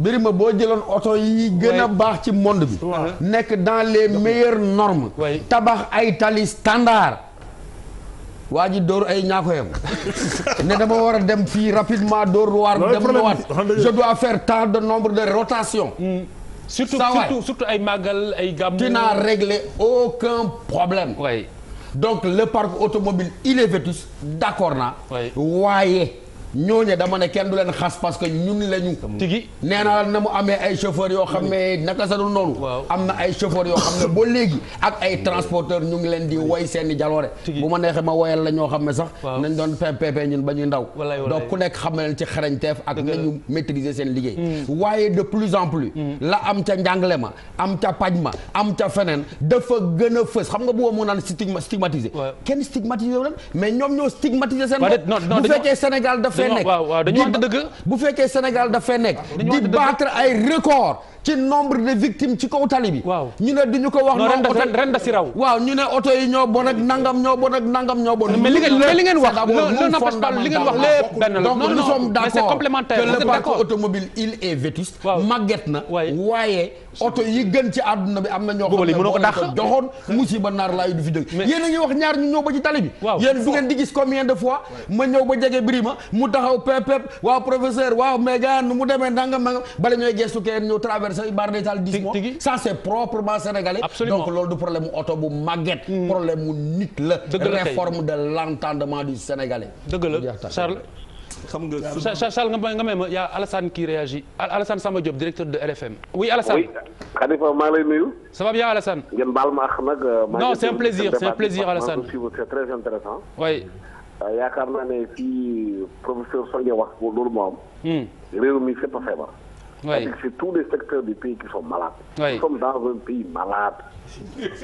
birima boo jëloon oto yi gën a baax ci monde bi nekk dans les meilleures normes tabax ay tali standard waa ji door ay ñaakoyam ne dama war a dem fii rapidement dóor waar dem waat je dois faire tant de nombre de rotation hmm. surtout surtout ay màggal ay gàmmu tu n'as réglé aucun problème donc le parc automobile il est vétuste d'accord naa waaye ñooñu dama ne kenn du leen xas parce que ñun la ñu. nee naa la mu amee ay chauffeurs yoo xam ne naka sa dul noonu. am na ay chauffeurs yoo xam ne ba léegi ak ay transporteurs ñu ngi leen di woy seen i jaloore. bu ma neexee ma woyal la ñoo xam ne sax. nañ doon PPP ñun ba ñuy ndaw. donc ku nekk xam na leen ci xarañteef ak nañu maîtriser seen liggéey. Mm. waaye de plus en plus. Mm. la am ca njàngale ma am ca paj ma am ca feneen dafa gën a fës xam nga bu moo naan stigma stigmatisé. kenn stigmatisé wu leen mais ñoom ñoo stigmatisé seen bopp. bu fekkee Sénégal fee nekk bu fekkee Sénégal daf fee nekk di battre ay record ci nombre de victimes ci kaw tali bi. waaw ñu ne duñu ko wax. non ren si raw. waaw ñu ne oto yi ñoo bon ak nangam ñoo bon ak nangam ñoo bon. mais li ngeen wax non non parce que d' bi na ñoo. xam ne ko dàq joxoon musiba naar laay du fi jóg. mais du ngeen di gis combien de fois. ma ñëw ba jege Birima mu taxaw pep pep waaw professeur waaw Mégane mu demee nangam nangam bala ñooy gestu kenn ñëw traverse taal sa Ibaar day taal dix mois ça c'est proprement sénégalais donc loolu du problème mu oto bu màgget hmm. problème mu nit la réforme de l'entendement du sénégalais dëgg la Charles xam nga Charles nga may nga may ma yaa Alassane qui réagit Alassane Samba Diop directeur de RFM oui Alassane Khalifa maa ngi lay nuyu ça va bien Alassane ngeen baal ma xam nag euh, non c'est un plaisir c'est un plaisir Alassane c'est très intéressant oui euh, yaakaar naa ne fii professeur Songe wax loolu moo am hmm. réew mi fépp a feebar Oui. C'est tous les secteurs du pays qui sont malades. Oui. Nous sommes dans un pays malade.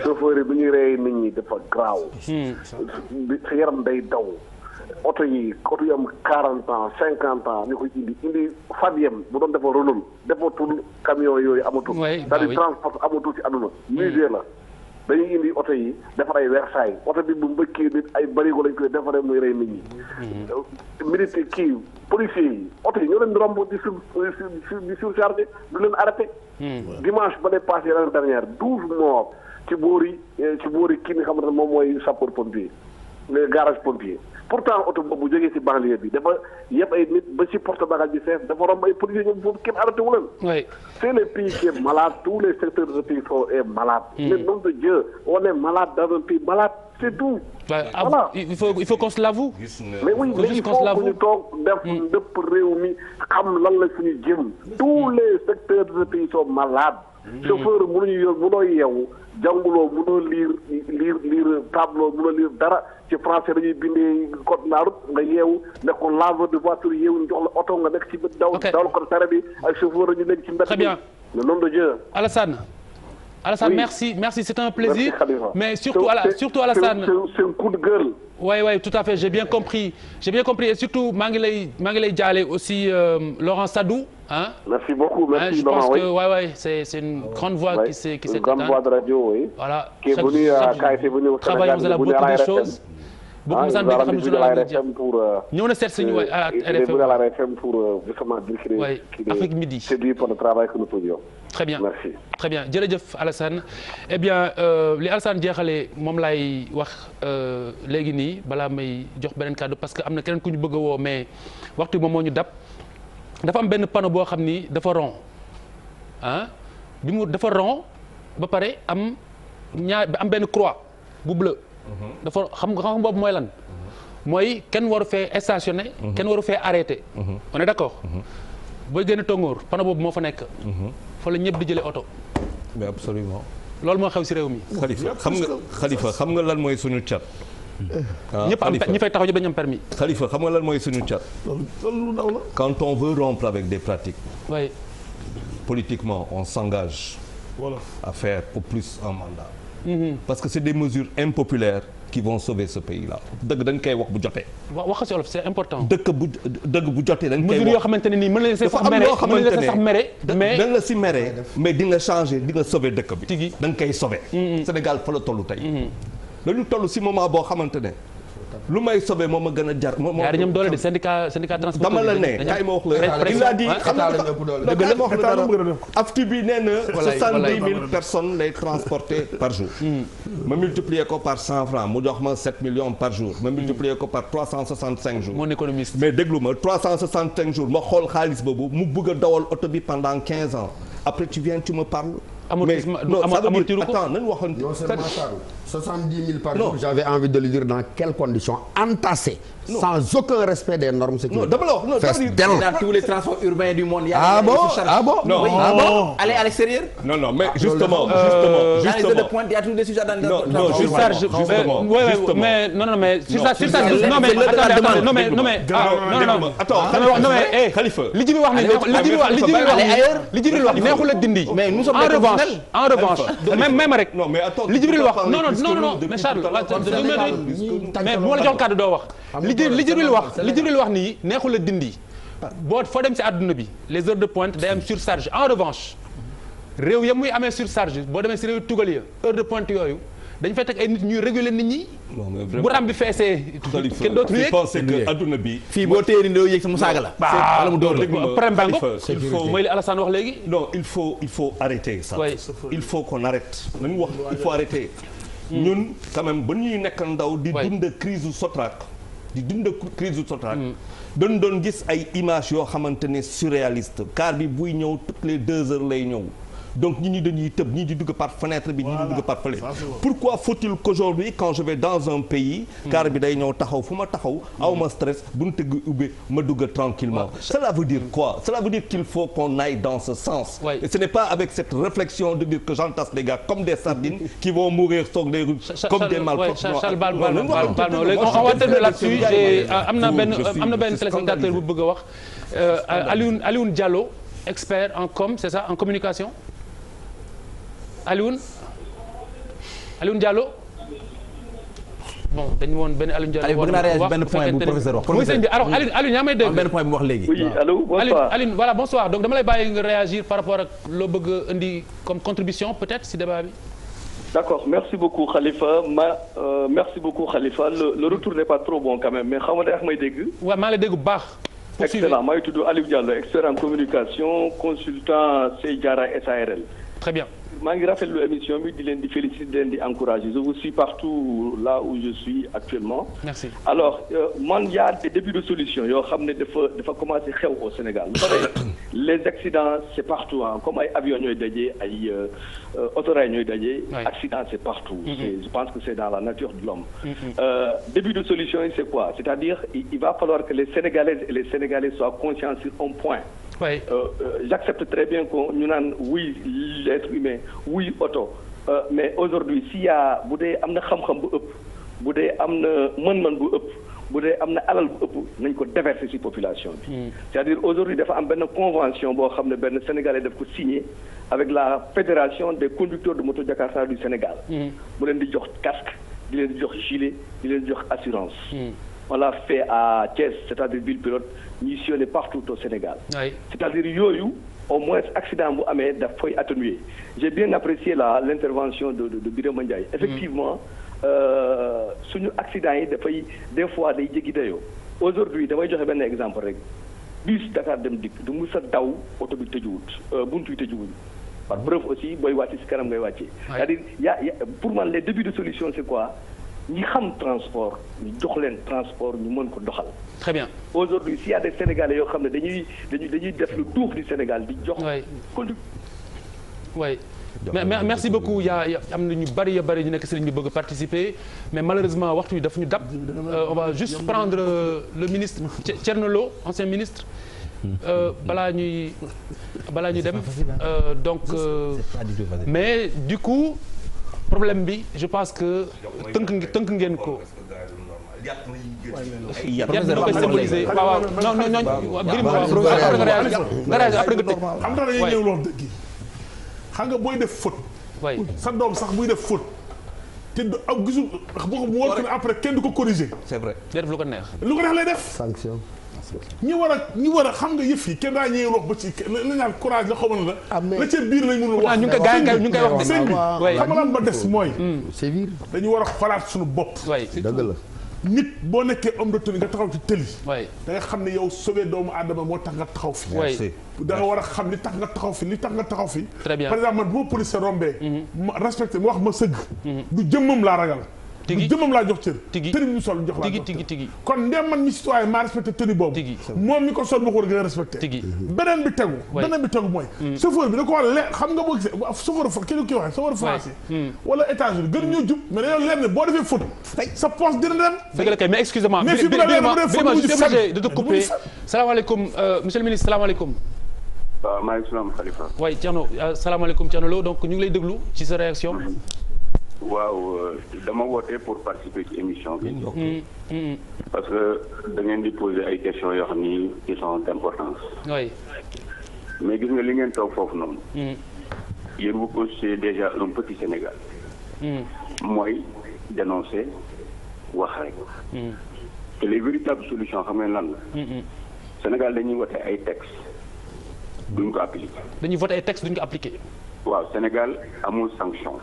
chauffeur yi bu rey nit ñi dafa graaw. Hmm. sa yaram day daw. oto yi oto yi am quarante ans cinquante ans ñu ko indi indi fabiyem bu doon dafa renul defatul camion yooyu amatul. oui c'est-à-dire transport amatul ci àdduna. musée hmm. la. dañuy indi oto yi defar ay wersaay oto bi bu mbëkkee nit ay barigo lañ koy defaree muy rey nit ñi. Mm-hmm. militaire kii policiers yi oto yi ñoo leen romb di sur di surchargé du leen arrêté. Mm-hmm. dimanche ba lay passé l'année dernière douze morts ci boori eh, ci boori kii nga xamante ne moom mooy sapeur pompier les garage pompier. pourtant oto boobu bu jógee si banlieue bi dafa yëpp ay nit ba si porte bagage bi fees dafa romb ay policiers ñoom foofu kenn arrêté wu leen. oui le pays qui est malade tous les secteurs de ce pays sont est malade. mais hmm. nom de Dieu on est malade dans un pays malade c'est tout. Ah, voilà il faut il faut qu'on se l'avoue. mais oui mais il faut que ñu toog def hmm. lépp réew mi xam lan la suñu jëm. tous hmm. les secteurs de ce pays sont malades. Mm-hmm. chauffeur mënuñu yor mënoo yeewu jànguloo mënoo liir liir liir tableau mënoo liir dara ci français dañuy bindee code de la route nga yeewu nekkoon laveur de voiture yeewu ñu jox la oto nga nekk ci bët daw dawal ko saret bi ak chauffeur ñu nekk ci mbedd bi le nom de Dieu Alassane Alassane merci merci c'est un plaisir mais surtout ala surtout Alassane c'est un coup de gueule oui oui tout à fait j'ai bien euh. compris j'ai bien compris et surtout maa ngi lay maa ngi lay jaale aussi euh, Laurent Sadou Hein? Merci beaucoup, merci hein, Je Bama, pense oui. que ouais, ouais, c'est une ah grande voix ouais. qui s'est qui Une grande voix choses. Beaucoup ah, de choses. Euh, nous, on euh, pour euh, justement dire qu'il est, Afrique Midi. séduit par le travail Très bien. Merci. Très bien. Jërëjëf Alassane. Eh li Alassane jeexale moom laay wax léegi nii balaa may jox beneen kàddu parce que am na keneen ku ñu bëgg a woo mais waxtu moom moo ñu dab. dafa am benn panneau boo xam ni dafa rond ah bi mu dafa rond ba pare am ñaar bi am benn croix bu bleu. Mhm. dafa xam nga xam boobu mooy lan. Mhm. mooy kenn waru fee stationné. Mhm. kenn waru fee arrêté. on est d'accord. booy génn tongoor panneau boobu moo fa nekk. fa la ñëpp di jëlee oto. mais absolument. loolu moo xew si réew mi. xalifa xam nga xalifa xam nga lan mooy suñu cat. Ah, ñëpp am ñi fay taxaw permis xalifa xam nga lan mooy suñu cat quand on veut rompre avec des pratiques oui. politiquement on s'engage à faire au plus un mandat mm-hmm. parce que c'est des mesures impopulaires qui vont sauver ce pays là dëgg dañ koy wax bu jotee. wax si c'est important. bu dëgg bu jotee dañ koy wax mesure yoo xamante ne nii mën na leen see sax mere dafa am loo xamante ne da nga si mere mais di changer di nga dëkk bi. tigi da nga koy sauver. Mhm. Sénégal fa la tollu tey. Mhm. dañu toll si moment boo xamante ne lu may sobee moo ma gën a jar. moo ma ñoom doole di syndicat dama la ne kay ma wax la. il a xam nga dëgg wax la dara afti bi personnes lay transporter par jour. Hmm. ma multiplier ko par mu jox ma sept millions par jour. ma hmm. multiplier ko par trois cent soixante mais déglu ma trois ma xool xaalis boobu mu bëgg a dawal oto bi pendant quinze ans après tu viens tu mais non ça veut dire attends 70 000 par jour j'avais envie de lui dire dans quelles conditions entassées sans aucun respect des normes sécuritaires. non dama la wax non c'est-à-dire dans tous les transports urbains du monde. y a des ah, ah, ah bon non ah bon aller à l'extérieur. non non mais ah, justement. justement justement dans les deux points il y a tous les sujets dans les. non non surcharge justement mais non non mais. surcharge surcharge non mais attendez non mais non mais. non mais eh, Khalifa. li Djibi wax li Djibi wax li Djibi wax li Djibi wax neexul a dindi. mais nous sommes en revanche en revanche. même même rek. non mais attends li Djibi wax non non. non non non mais Charles mais bu ma la jox kàddu doo wax. li jë wax li jëril wax nii neexul dindi. boo foo dem si àdduna bi les heures de pointe day am surcharge en revanche réew ya muy amee surcharge boo demee ci réew tugal ya heure de pointe yooyu. dañu fay teg ay nit ñuy réguler nit ñi. bu ram bi feesee. kenn dootu yéeg pensé que adduna bi. fii boo téeri ndoo yéeg sama saaga la. wala mu door il faut mooy li Alassane wax léegi. non il faut arrêter ça. il faut wax il Hmm. ñun quand ba ñuy nekk ndaw di dund crise u Sotrac di dund crise u Sotrac hmm. dañ doon gis ay images yoo xamante ne surréaliste car bi buy ñëw toutes les deux heures lay ñëw donc ni ñi dañuy tëb ñi di dugg par fenêtre bi ñi di dugg par fenêtre pourquoi faut-il qu'aujourd'hui quand je vais dans un pays hmm. car bi day ñëw taxaw fu ma taxaw hmm. aw ma stress buntu gi ubbi ma dugg tranquillement cela veut dire hmm. quoi cela veut dire qu'il faut qu'on aille dans ce sens ce n'est pas avec cette réflexion de dire que j'entasse les comme des sardines qui vont mourir sur les rues comme des malfaiteurs on va terminer là-dessus euh, am na benn am na benn téléspectateur bu bëgg a wax euh, Alioune Alioune Diallo expert en com c'est ça en communication Alioune Alioune Diallo bon dañu woon benn Alioune Diallo. Aliou bëgg naa réagir benn point bu professeur wax. muy sëñ bi alors Alioune Alioune yaa may dégg. benn point bu wax léegi. oui ah. allo bonsoir Alioune voilà bonsoir donc dama lay bàyyi nga réagir par rapport ak loo bëgg a indi comme contribution peut-être si débat bi. d'accord merci beaucoup Khalifa ma euh, merci beaucoup Khalifa le, le retour n'est pas trop bon quand même mais xam nga day may dégg. waaw maa lay dégg bu baax. excellent maay tudd Aliou Diallo expert en communication consultant Sey Diarra SARL. très bien. maa ngi rafetlu émission bi di leen di féliciter di leen di encourager je vous suis partout là où je suis actuellement. alors euh, man y début des débuts de solution yoo xam ne dafa dafa commencer xew au Sénégal. les accidents c'est partout comme ay avions ñooy daje ay euh, euh, autorail ñooy daje. accident c'est partout. Mm-hmm. c'est je pense que c'est dans la nature de l'homme mm-hmm. début de solution yi c'est quoi c'est-à-dire il va falloir que les Sénégalaises et les Sénégalais soient conscients sur un point. oui euh, euh, j'accepte très bien que ñu naan wuy l'être humain wuy oto euh, mais aujourd'hui si yaa bu dee am na xam-xam bu ëpp bu dee am na mën-mën bu ëpp bu dee am na alal bu ëpp nañ ko déverser ci population bi hmm. c'est-à-dire aujourd'hui dafa am benn convention boo xam ne benn sénégalais daf ko signé avec la fédération des conducteurs de moto Jakarta du Sénégal hmm. mu leen di jox casque di di jox gilet di leen di jox assurance hmm. on l'a fait à Thiès c'est-à-dire ville pilote ñuy sillonner partout au Sénégal. Oui. c'est-à-dire yooyu au moins accident bu amee daf koy atténuer j'ai bien apprécié la l'intervention de de de Birame Ndiaye. Mm. effectivement euh, suñu accident yi dafay des fois day jéggi dayoo. aujourd'hui damay joxe benn exemple rek bus Dakar dem dikk du mus a daw oto bi tëjuwut euh, buntu yi tëjuwul. par preuve booy wàcc kanam ngay wàccee. cest à pour man les débuts de solution c'est quoi. ñi xam transport ñu jox leen transport ñu mën ko doxal. très bien aujourd'hui s'il y a yoo xam ne dañuy dañuy dañuy def lu tuuf di Sénégal di jox. condu waay merci beaucoup ya am na ñu bari ya bari ñu nekk se ligne bi bëgg participer mais malheureusement waxtu yi daf ñu dab euh, on va juste prendre euh, le ministre Thierno Lo ancien ministre euh, balaa ñuy balaa ñuy dem donc mais du coup problème bi je pense que tënk tënk ngeen ko. yàq nañu koy symboliser waaw non non non. nga réagir après nga tëj. xam nga dañuy ñëw loolu dëgg xam nga booy def faute. sa doom sax buy def faute. te du am ah, gisul boo ko wóor après kenn du ko corriger. c'est vrai. day def lu ko neex. lu ko neex lay def. sanction. ñi war a ñi war a xam nga yëf yi kenn daa ñëw wax ba ci la ñaan courage la xamoon la. Ah, la ca biir lañ mënul wax. Ah, ñu ngi koy gaañ ñu ngi koy wax sëñ bi ah, ba des mm. mooy. Mm. sévir dañu war a xalaat suñu bopp. dëgg la. nit boo nekkee om de tenue nga taxaw ci tëli. da nga xam ne yow sauvé doomu aadama moo tax nga taxaw fi. waay da nga war a xam ni tax nga taxaw fi li tax nga taxaw fi. très bien par exemple man bu ma police rombee. Mm-hmm. ma respecté ma wax ma sëgg. Mm-hmm. du jëmmam laa ragal. tigi jëmmam laa jox cër. tigi tenue bi mu sol jox laa jox tigi tigi kon ndem man mi citoyen maa respecté tenue boobu. moom mi ko sol ma ko war a gën a respecté. tigi beneen bi tegu. beneen bi tegu mooy. Mm. chauffeur bi da ko war a le xam nga boo gisee chauffeur fa kii kii waxee chauffeur français. Mm. wala états-unis gën ñoo jub mais dañoo leer ne boo defee faute. sa poche dina dem. dëgg la kay mais excusez-moi. mais fi mu la leer ne bu dee faute mu ngi fenn de te couper salaamaaleykum euh, monsieur le ministre salaamaaleykum. waaw maaleykum salaam Khalifa. waay Thierno euh, salaamaaleykum Thierno Lo donc ñu ngi lay déglu ci sa réaction mm-hmm. waaw euh, dama woote pour participer ci émission bi. Mm, mm, mm. parce que da ngeen di poser ay questions yoo xam ni qui sont d'importance. mais gis nga li ngeen toog foofu noonu. yéen vous posez déjà un petit Sénégal. mooy dénoncer wax rek. te les véritables solutions xam ngeen lan la. Sénégal dañuy voté ay textes duñ ko appliquer. dañuy voté ay textes duñ ko appliquer. waaw Sénégal amul sanction.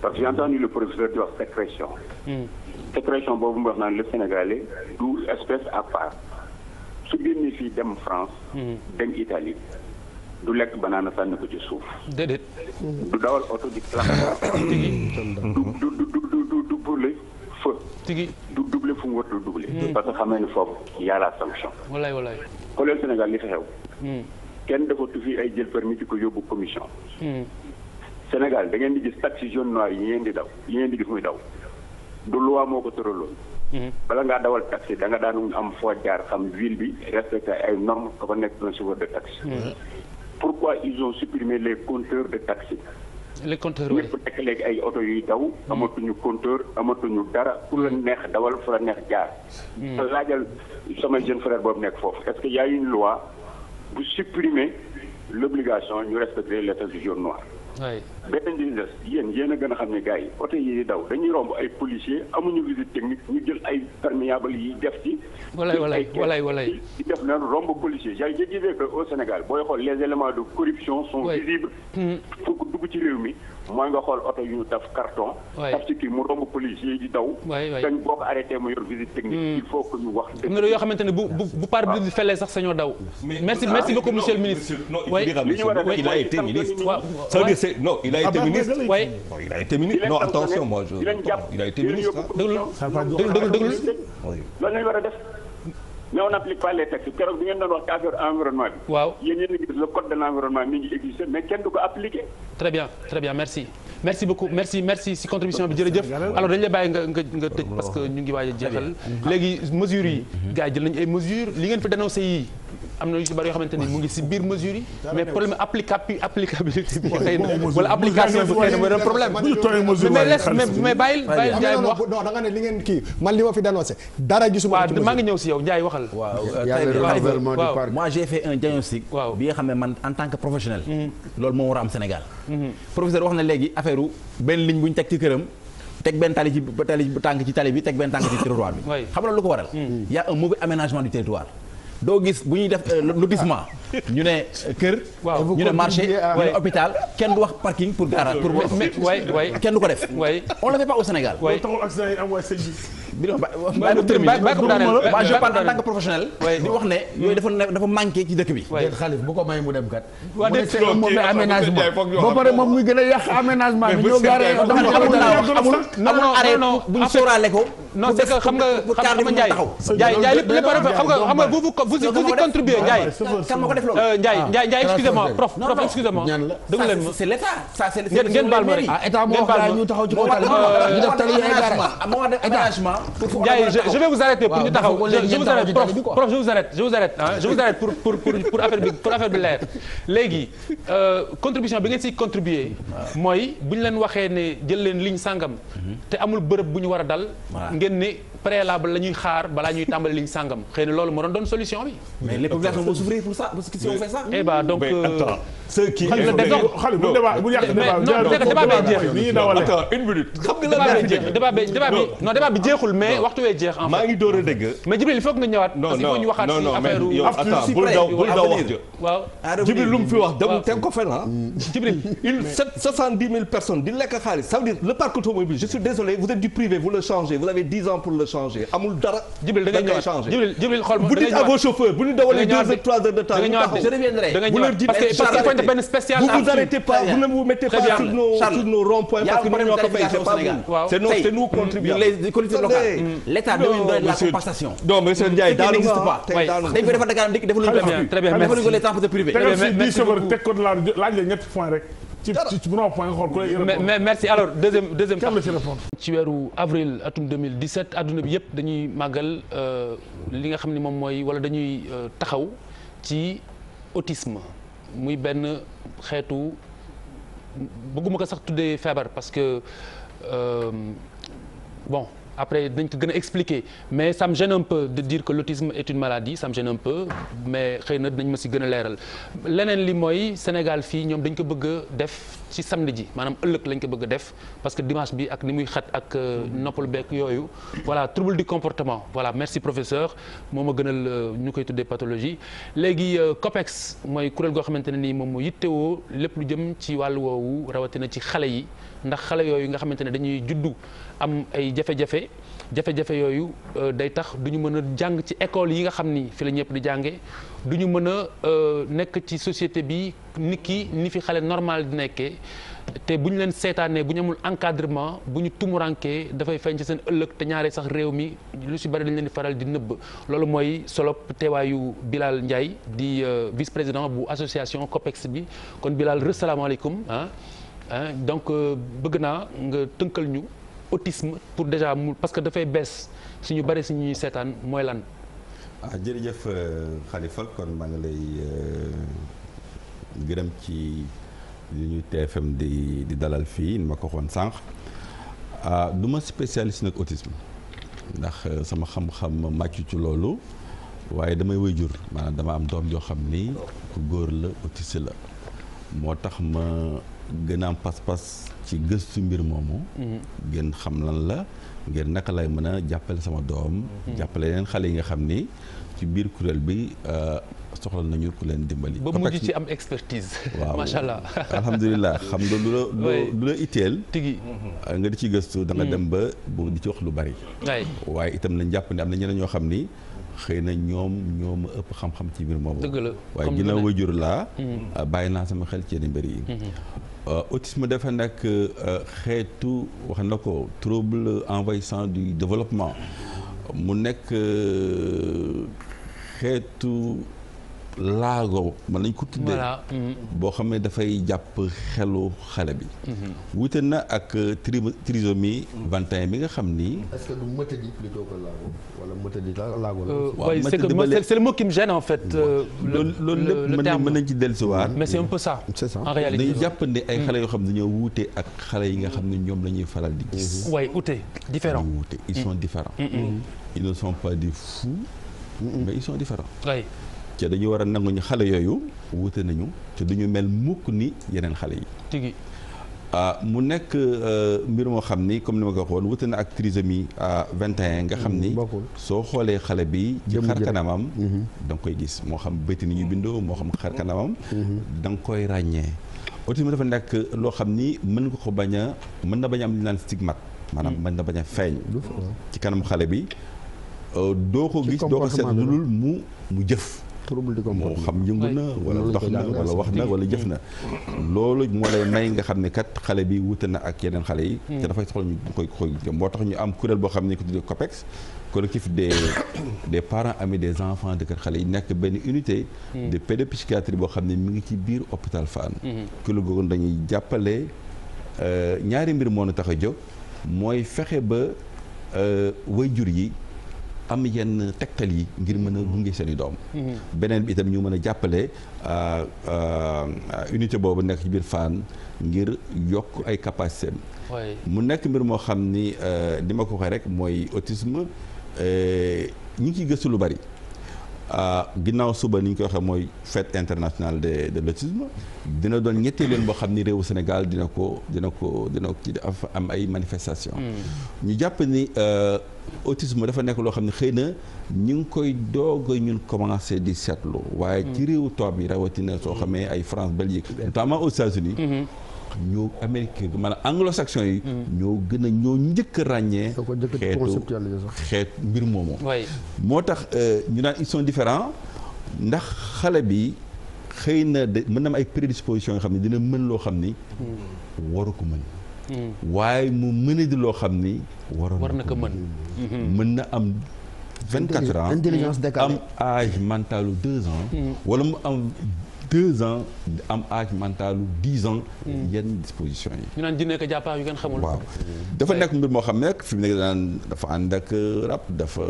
parce que j'ai entendu le professeur di wax sécrétion. Hmm. sécrétion boobu mu wax naan le du espèce à part su génnee fii dem France. Hmm. dem Italie du lekk banaana sànni ko ci suuf. déedéet. du dawal oto di du du du du brûler feu. tigi du doubler fu mu war du doubler. Hmm. parce que xam ne foofu y a la sanction. walaay walaay. xoolal Sénégal li fi xew. kenn dafa tu ay jël permis ko yóbbu commission. Sénégal da ngeen di gis taxi jaune noir yi ngeen di daw yi ngeen di gis muy daw du loi moo ko tëraloon. Mhm. bala ngaa dawal taxi da nga daan am foo jaar xam ville bi respecté ay normes ka ko nekk un chauffeur de taxi. Mhm. pourquoi ils ont supprimé les compteurs de taxi. les compteurs ñëpp nekk léegi ay oto yuy daw. Mhm. amatuñu compteur amatuñu dara pour la neex dawal fu la neex jaar. laajal sama jeune frère boobu nekk foofu est-ce que y une loi bu supprimer l'obligation ñu respecter benn njëriñ des yéen a gën a xam ni gars yi oto yi di daw dañuy romb ay policier amuñu visite technique ñu jël ay perméable yi def ci walay walay walay di def naan romb policier j'ai je disais que au Sénégal booy xool les éléments de corruption sont visibles hmm. foo ko dugg ci réew mi mooy nga xool oto yu daf carton. daf ci kii mu romb police di daw. waay waay dañ boo ko arrêté mu yor technique. Hmm. il faut que yoo xamante ne bu bu bu pare bi sax sañoo daw. merci ah, merci beaucoup monsieur le ministre. non il a été ministre. ça attention moi je. il a été ministre mais on n'applique pas les textes keroog bi ngeen doon wax ci affaire environnement bi. waaw yéen yéen a gis code de l'environnement mi mais kenn du ko appliqué. très bien très bien merci merci beaucoup merci merci si contribution bi jërëjëf. alors dañu la bàyyi nga nga nga parce que ñu ngi waaj a jeexal. léegi mesures yi. gars jël nañu ay mesures li ngeen fi dénoncé yii. am na lu ci bari ñu teg ci këram. teg benn tali ci ci tali bi teg benn tànk ci territoire bi. xam nga lu ko waral. Mm-hmm. y un mauvais aménagement du territoire doo gis bu ñuy def euh, lotissement ñu ne euh, kër. waaw ñu ne marché ñu ne hôpital kenn du wax parking pour garage pour. waay waay kenn du ko def. waay on le fait pas au Sénégal. waay yi bi ma ba je parle en tant que professionnel. di wax ne yooyu dafa dafa manqué ci dëkk bi. waaye xaalis bu ko may mu dem kat. waa des fois moom mooy aménagement ba pare moom muy gën a yàq aménagement bi ñoo gaaree. amul amul arrêt bu ñu sóoraale ko. non c'est que xam nga xam nga Ndiaye Ndiaye Ndiaye lépp lépp rafet xam nga xam nga vous vous vous y contribuez Ndiaye. kan ma ko def loolu euh, ah. Ndiaye Ndiaye Ndiaye excusez-moi prof prof excusez-moi. dëgg leen ma c'est l'État ça c'est ngeen baal ma rek. ah état moo wax ñu taxaw ci kaw tali ñu def tali ay garage moo wax aménagement Ndiaye je vais vous arrêter pour ñu taxaw prof pour pour pour affaire bi pour affaire bi leer léegi euh, contribution bi ngeen siy contribuer mooy bu ñu leen waxee ne jël leen ligne sàngam te amul bërëb bu ñu war a dal ngeen ne préalable la ñuy xaar balaa ñuy tàmbali liñ sàngam xëy na loolu moo doon doon solution bi. mais les populations vont souffrir pour ça parce que si on fait ça. eh ben donc euh, ceux qui. xam nga débat bu yàq débat bi débat bi non débat bi jeexul mais waxtu wee jeex. en fait maa ngi door a dégg. mais Jibril il faut que nga ñëwaat. non non non non mais attends bul daw bul daw wax jë. Jibril lu mu fi wax dem teg ko fenn ah. Mm. Jibril il sept soixante dix mille personnes di lekk xaalis ça veut dire le parc automobile je suis désolé vous êtes du privé vous le changez vous avez dix ans pour le changer a jibril da ngay ñëwaat changer jibril jibril xool bu dites à vos chauffeurs bu ñu dawalee deux heures trois heures de temps ñu taxaw je reviendrai da nga ñëwaat parce que vous vous arrêtez pas vous ne vous mettez pas sur nos sur nos nous c'est nous contribuables les collectivités l'état doit la compensation non monsieur Ndiaye daal n'existe pas dañ ko defar Dakar dik defaluñu ko très bien merci rek ci ci bu noo point xool mais merci alors deuxième deuxième ci weeru avril atum 2017 adduna bi yëpp dañuy màggal euh, li nga xam ni moom mooy wala dañuy euh, taxaw ci autisme muy benn xeetu bëgguma ko sax tuddee feebar parce que euh, bon après dañ ko gën expliquer mais ça me gêne un peu de dire que l'autisme est une maladie ça me gêne un peu mais xëy na dinañ ma si gën a leeral leneen li mooy Sénégal fii ñoom dañ ko bëgg a def ci samedi ji maanaam ëllëg lañ ko bëgg a def parce que dimanche bi ak ni muy xat ak euh, noppal beek yooyu voilà trouble du comportement voilà merci professeur moo ma gënal euh, ñu koy tuddee pathologie léegi euh, COPEX mooy kuréel goo xamante ne nii moom moo yittewoo lépp lu jëm ci wàllu woowu rawatina ci xale yi ndax xale yooyu nga xamante ne dañuy juddu am ay jafe-jafe jafe-jafe yooyu euh, day tax du ñu mën a jàng ci école yi nga xam ni fi la ñëpp di jànge du ñu mën a euh, nekk ci société bi ni ki ni fi xale normal di nekkee te buñu leen seetaanee bu ñu amul encadrement bu ñu tumurankee dafay feeñ ci seen ëllëg te ñaare sax réew mi lu si bari dañ leen di faral di nëbb loolu mooy solo teewaayu Bilal Ndiaye di euh, vice président bu association COPEX bi kon Bilal resalaamaaleykum ah donc euh, bëgg naa nga tënkal ñu autisme pour déjà mu parce que dafay bees suñu bari suñuy seetaan mooy lan. ah jërëjëf euh, Khalifa kon maa ngi lay euh, gërëm ci li ñuy TFM di di dalal fii ni ma ko waxoon sànq duma ah, du ma spécialiste nag autisme ndax sama xam-xam màccu ci loolu waaye damay wéy jur maanaam dama am doom joo xam ni ku góor la autiste la moo tax ma gën a am pas-pas ci gëstu mbir moomu. Mhm. gën xam lan la ngeen naka lay mën a jàppale sama doom. Mhm. jàppale leen xale yi nga xam ni ci biir kuréel bi euh, soxla nañu ku leen dimbali. ba mujj ci am expertise. macha allah alhamdulilah xam nga lu la lu la euh, nga di ci gëstu. da nga mhm. dem ba bu di ci wax lu bari. waaye itam nañ jàpp ne am na ñeneen ñoo xam ni. xëy na ñoom ñoo ëpp xam-xam ci mbir moomu. dëgg la waaye ginnaaw laa. Euh, bàyyi naa sama xel ci yenn mbir yi. Euh, autisme dafa nekk euh, xeetu wax na ko trouble envahissant du développement mu nekk euh, xeetu laago man lañ ko tuddee. voilà boo xam ne dafay jàpp xelu xale bi. Mhm. wute na ak tri trisomie 21 bi nga xam ni. est-ce que du mëtëdi plutôt que laago la. Euh, waaw c'est que c'est le mot qui me gêne en fait. Euh, loolu loolu lépp mën mën nañ ci dellusiwaat. mais c'est un peu ça. c'est ça en réalité dañuy jàpp ne ay xale yoo xam ne dañoo wuute ak xale yi nga xam ne ñoom la ñuy faral di gis. waay mhm. wuute différent wuute ils mhm. sont différents. ils pas des fous. mais ils sont différents. ca dañu war a nangu ñu xale yooyu wute nañu ca du ñu mel mukk ni yeneen xale yi. tigi ah mu nekk euh, mbir moo xam ni comme ni ma ko waxoon wute na ak trisomie à 21 nga xam mm-hmm. ni. soo xoolee xale bi. ci xar kanamam. Mm-hmm. da nga koy gis moo xam bëti ni ñu bindoo moo xam xar kanamam. Mm-hmm. da nga koy ràññee. autisme dafa nekk loo xam ni mën nga ko bañ a mën na bañ a am li naan stigmate maanaam mm. mën na bañ a feeñ ci kanam xale bi euh, doo ko gis doo ko seet lu dul mu mu jëf trouble du comportement moo xam yëngu na wala dox na wala wax na wala jëf na loolu moo lay may nga xam ne kat xale bi wuute na ak yeneen xale yi hmm. te dafay soxla ñu koy moo tax ñu am kuréel boo xam ne ko tuddee COPEX collectif de des parents ami des enfants de kër xale yi nekk benn unité hmm. de pédopsychiatrie boo xam ne mu ngi ci biir hôpital Fann kuréel hmm. googu dañuy jàppale euh, ñaari mbir moo na tax a jóg mooy fexe ba euh, jur yi am yenn tegtal yi ngir mën a gunge seeni i doom. Mhm. beneen bi itam ñu mën a jàppale euh, euh, unité boobu nekk ci biir Fann ngir yokk ay capacité mu nekk mbir moo xam ni li euh, ma ko waxee rek mooy autisme ñu ngi ciy gëstu lu bari. Euh, ginnaaw suba ni ñu koy waxee mooy fête internationale de de l'autisme dina doon ñettee leen boo xam ni réewu Sénégal dina ko dina ko dina ko ci am ay manifestation hmm. ñu jàpp ni euh, autisme dafa nekk loo xam ne xëy na ñu ngi koy doog a ñun commencé di seetlu waaye hmm. ci réewu toog bi rawatina soo hmm. xamee ay France Belgique notamment aux États-Unis ñoo américain maanaam anglo saction yi. Hmm. ñoo gën a ñoo njëkk a ràññee. xeetu xeetu mbir moomu. moo tax euh, ñu naan ils différent ndax xale bi xëy na de mën na ay prédisposition yoo xam ne dina mën loo xam ni. Hmm. waru ko mën. Hmm. waaye mu mën a di loo xam ni. war na ko mën na am. 24 ans am âge mentalu 2 ans. wala mu am. deux ans am âge mentalu dix ans. Hmm. yenn disposition yi. ñu naan jinne ko jàppaa yu ngeen xamul. waaw hmm. dafa nekk mbir moo xam ne fi mu nekk daan dafa ànd ak rab dafa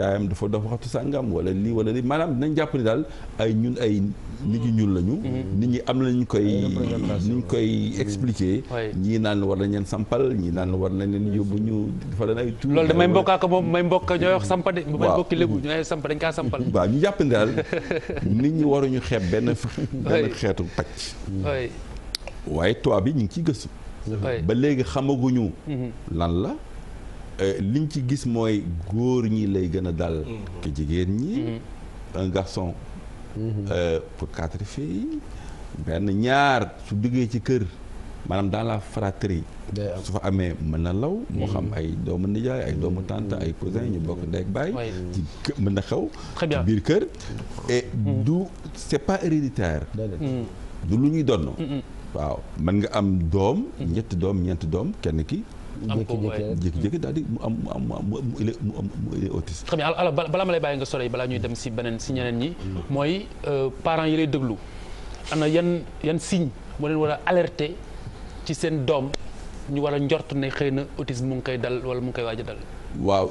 yaayam dafa dafa waxtu sàngam wala lii wala lii maanaam dinañ jàpp ni daal ay ñun ay ñu ñuul lañu. Hmm. nit ñi am nañ koy. ñu koy expliquer. ñii naan war nañ leen sampal ñii naan war nañ leen yóbbu ñu dafa leen ay. loolu damay mbokk ak moom may mbokk ñooy wax sampa de. waaw bu may mbokk lébu ñooy samp dañ kaa sampal. waaw ñu jàpp ni daal nit ñi waruñu xeeb benn benn xeetu pàcc. waaye tubaab bi ñu ngi ciy gëstu. ba léegi xamaguñu. Mm-hmm. lan la euh, liñ ci gis mooy góor ñi lay gën a dal. que mm-hmm. jigéen ñi. Mm-hmm. un garçon. Euh, pour quatre filles benn ñaar su diggee ci kër. maanaam dans la fratrie su fa amee mën na law moo xam mm. ay doomu nijaay ay doomu tante mm. ay cousin ñu bokk ndey ak baay ci mën na xew ci biir kër mm. et du c'est pas héréditaire du lu ñuy donn waaw mën nga am doom ñetti doom ñeenti doom kenn ki jékki-jékki daal di mu am mu am mu am mu am mu il est autiste xam nga alors balaa ma lay bàyyi nga sore balaa ñuy dem si beneen si ñeneen ñi mooy euh, parents yi lay déglu ana yan yan signe moo leen war a ci seen doom ñu war a njort ne xëy na autisme mu ngi koy dal wala mu koy waaj a dal. waaw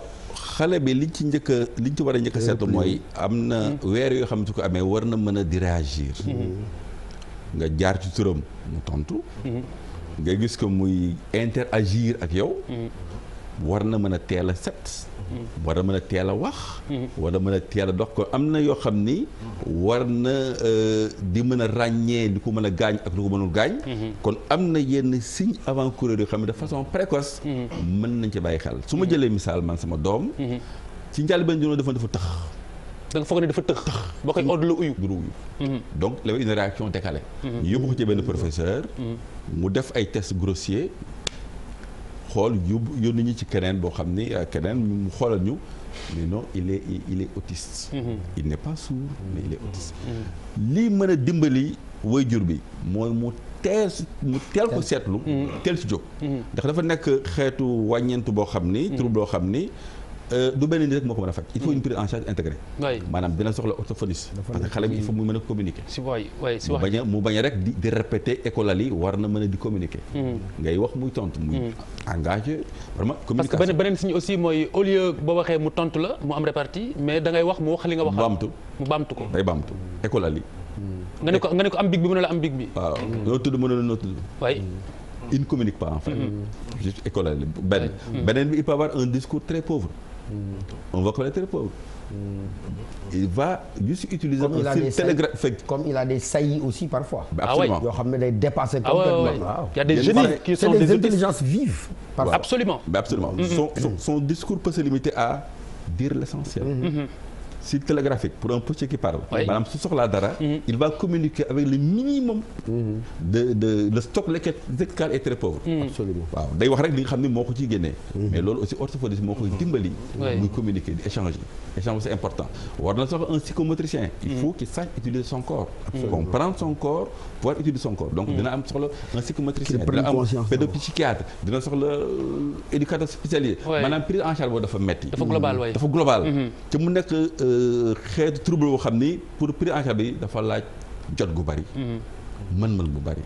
xale bi li ci njëkk a liñ ci war a njëkk a seetlu mooy. am na hmm. weer yoo xam ne su ko amee war na mën a di réagir. Hmm. nga jaar ci turam mu tontu. Hmm. nga gis ko muy interagir ak yow. war na mën a teel a set. war a mën a teel a wax. war a mën a teel a dox ko am na yoo xam ni. war na euh, di mën a ràññee di ko mën a gaañ ak lu ko mënul gaañ. kon am na yenn signe avant coureur yoo xam ne de façon précoce. mën nañ ci bàyyi xel su ma jëlee misaal man sama doom. ci njàlbeen bi dafa dafa tëx. da nga foog ne dafa tëx. boo koy odd la uyu. du uyu. Mm-hmm. donc il y avait une réaction décalée. ñu mm-hmm. yóbbu ko ci benn professeur. Mm-hmm. mu def ay tests grossiers. xool yóbbu yónni ñu ci keneen boo xam ni euh, keneen mu xoolal ñu mais non il est il est autiste. Mm-hmm. il n'est pas sourd mais il est autiste. Mm-hmm. Mm-hmm. lii mën a dimbali jur bi mooy mu teel mu teel ko seetlu. teel ci jóg. ndax dafa nekk xeetu wàññeent boo xam ni. trouble loo xam ni. Euh, du benn nit rek moo ko mën a faj. il faut une prise en charge intégrée. maanaam dina soxla orthophoniste. parce que xale bi il mën a communiquer. si waay waay mu bañ rek di di école yi war na mën a di communiquer. Hmm. ngay wax muy tontu. Hmm. mooy boo waxee mu tontu la mu am répartie mais da ngay wax mu wax li nga wax. mu baamtu mu baamtu ko day baamtu école yi. Hmm. nga ne ko nga ne ko am big bi mu ne la am big bi. waaw noo tudd mu ne la noo tudd. waay. il communique pas en fait. juste école benn. beneen bi il on va connaître le peuple. Mm. il va juste utiliser. comme il a des saillies comme il a des saillies aussi parfois. ah oui yoo xam ne day dépasser. Ah complètement il y a des génies qui sont des intelligences vives. parfois absolument. absolument. Mm-hmm. son mm-hmm. son discours peut se limiter à dire l'essentiel. Mm-hmm. c'est télégraphique pour un postier qui parle maanaam su soxlaa dara mhm. il va communiquer avec le minimum mhm. de de stock lexical est très pauvre mhm. waaw day wax rek li nga xam ne moo ko ciy génnee mais loolu aussi orthophoniste moo koy dimbali muy communiquer di échanger échange c'est important war na sax un psychomotricien il faut qu'il sache utiliser son corps comprendre son corps pouvoir utiliser son corps donc dina am soxla un psychomotricien dina am pédopsychiatre dina soxla euh, xeetu trouble boo xam ni pour prise en bi dafa laaj jot gu bari. Mm-hmm. mën-mën bu bari.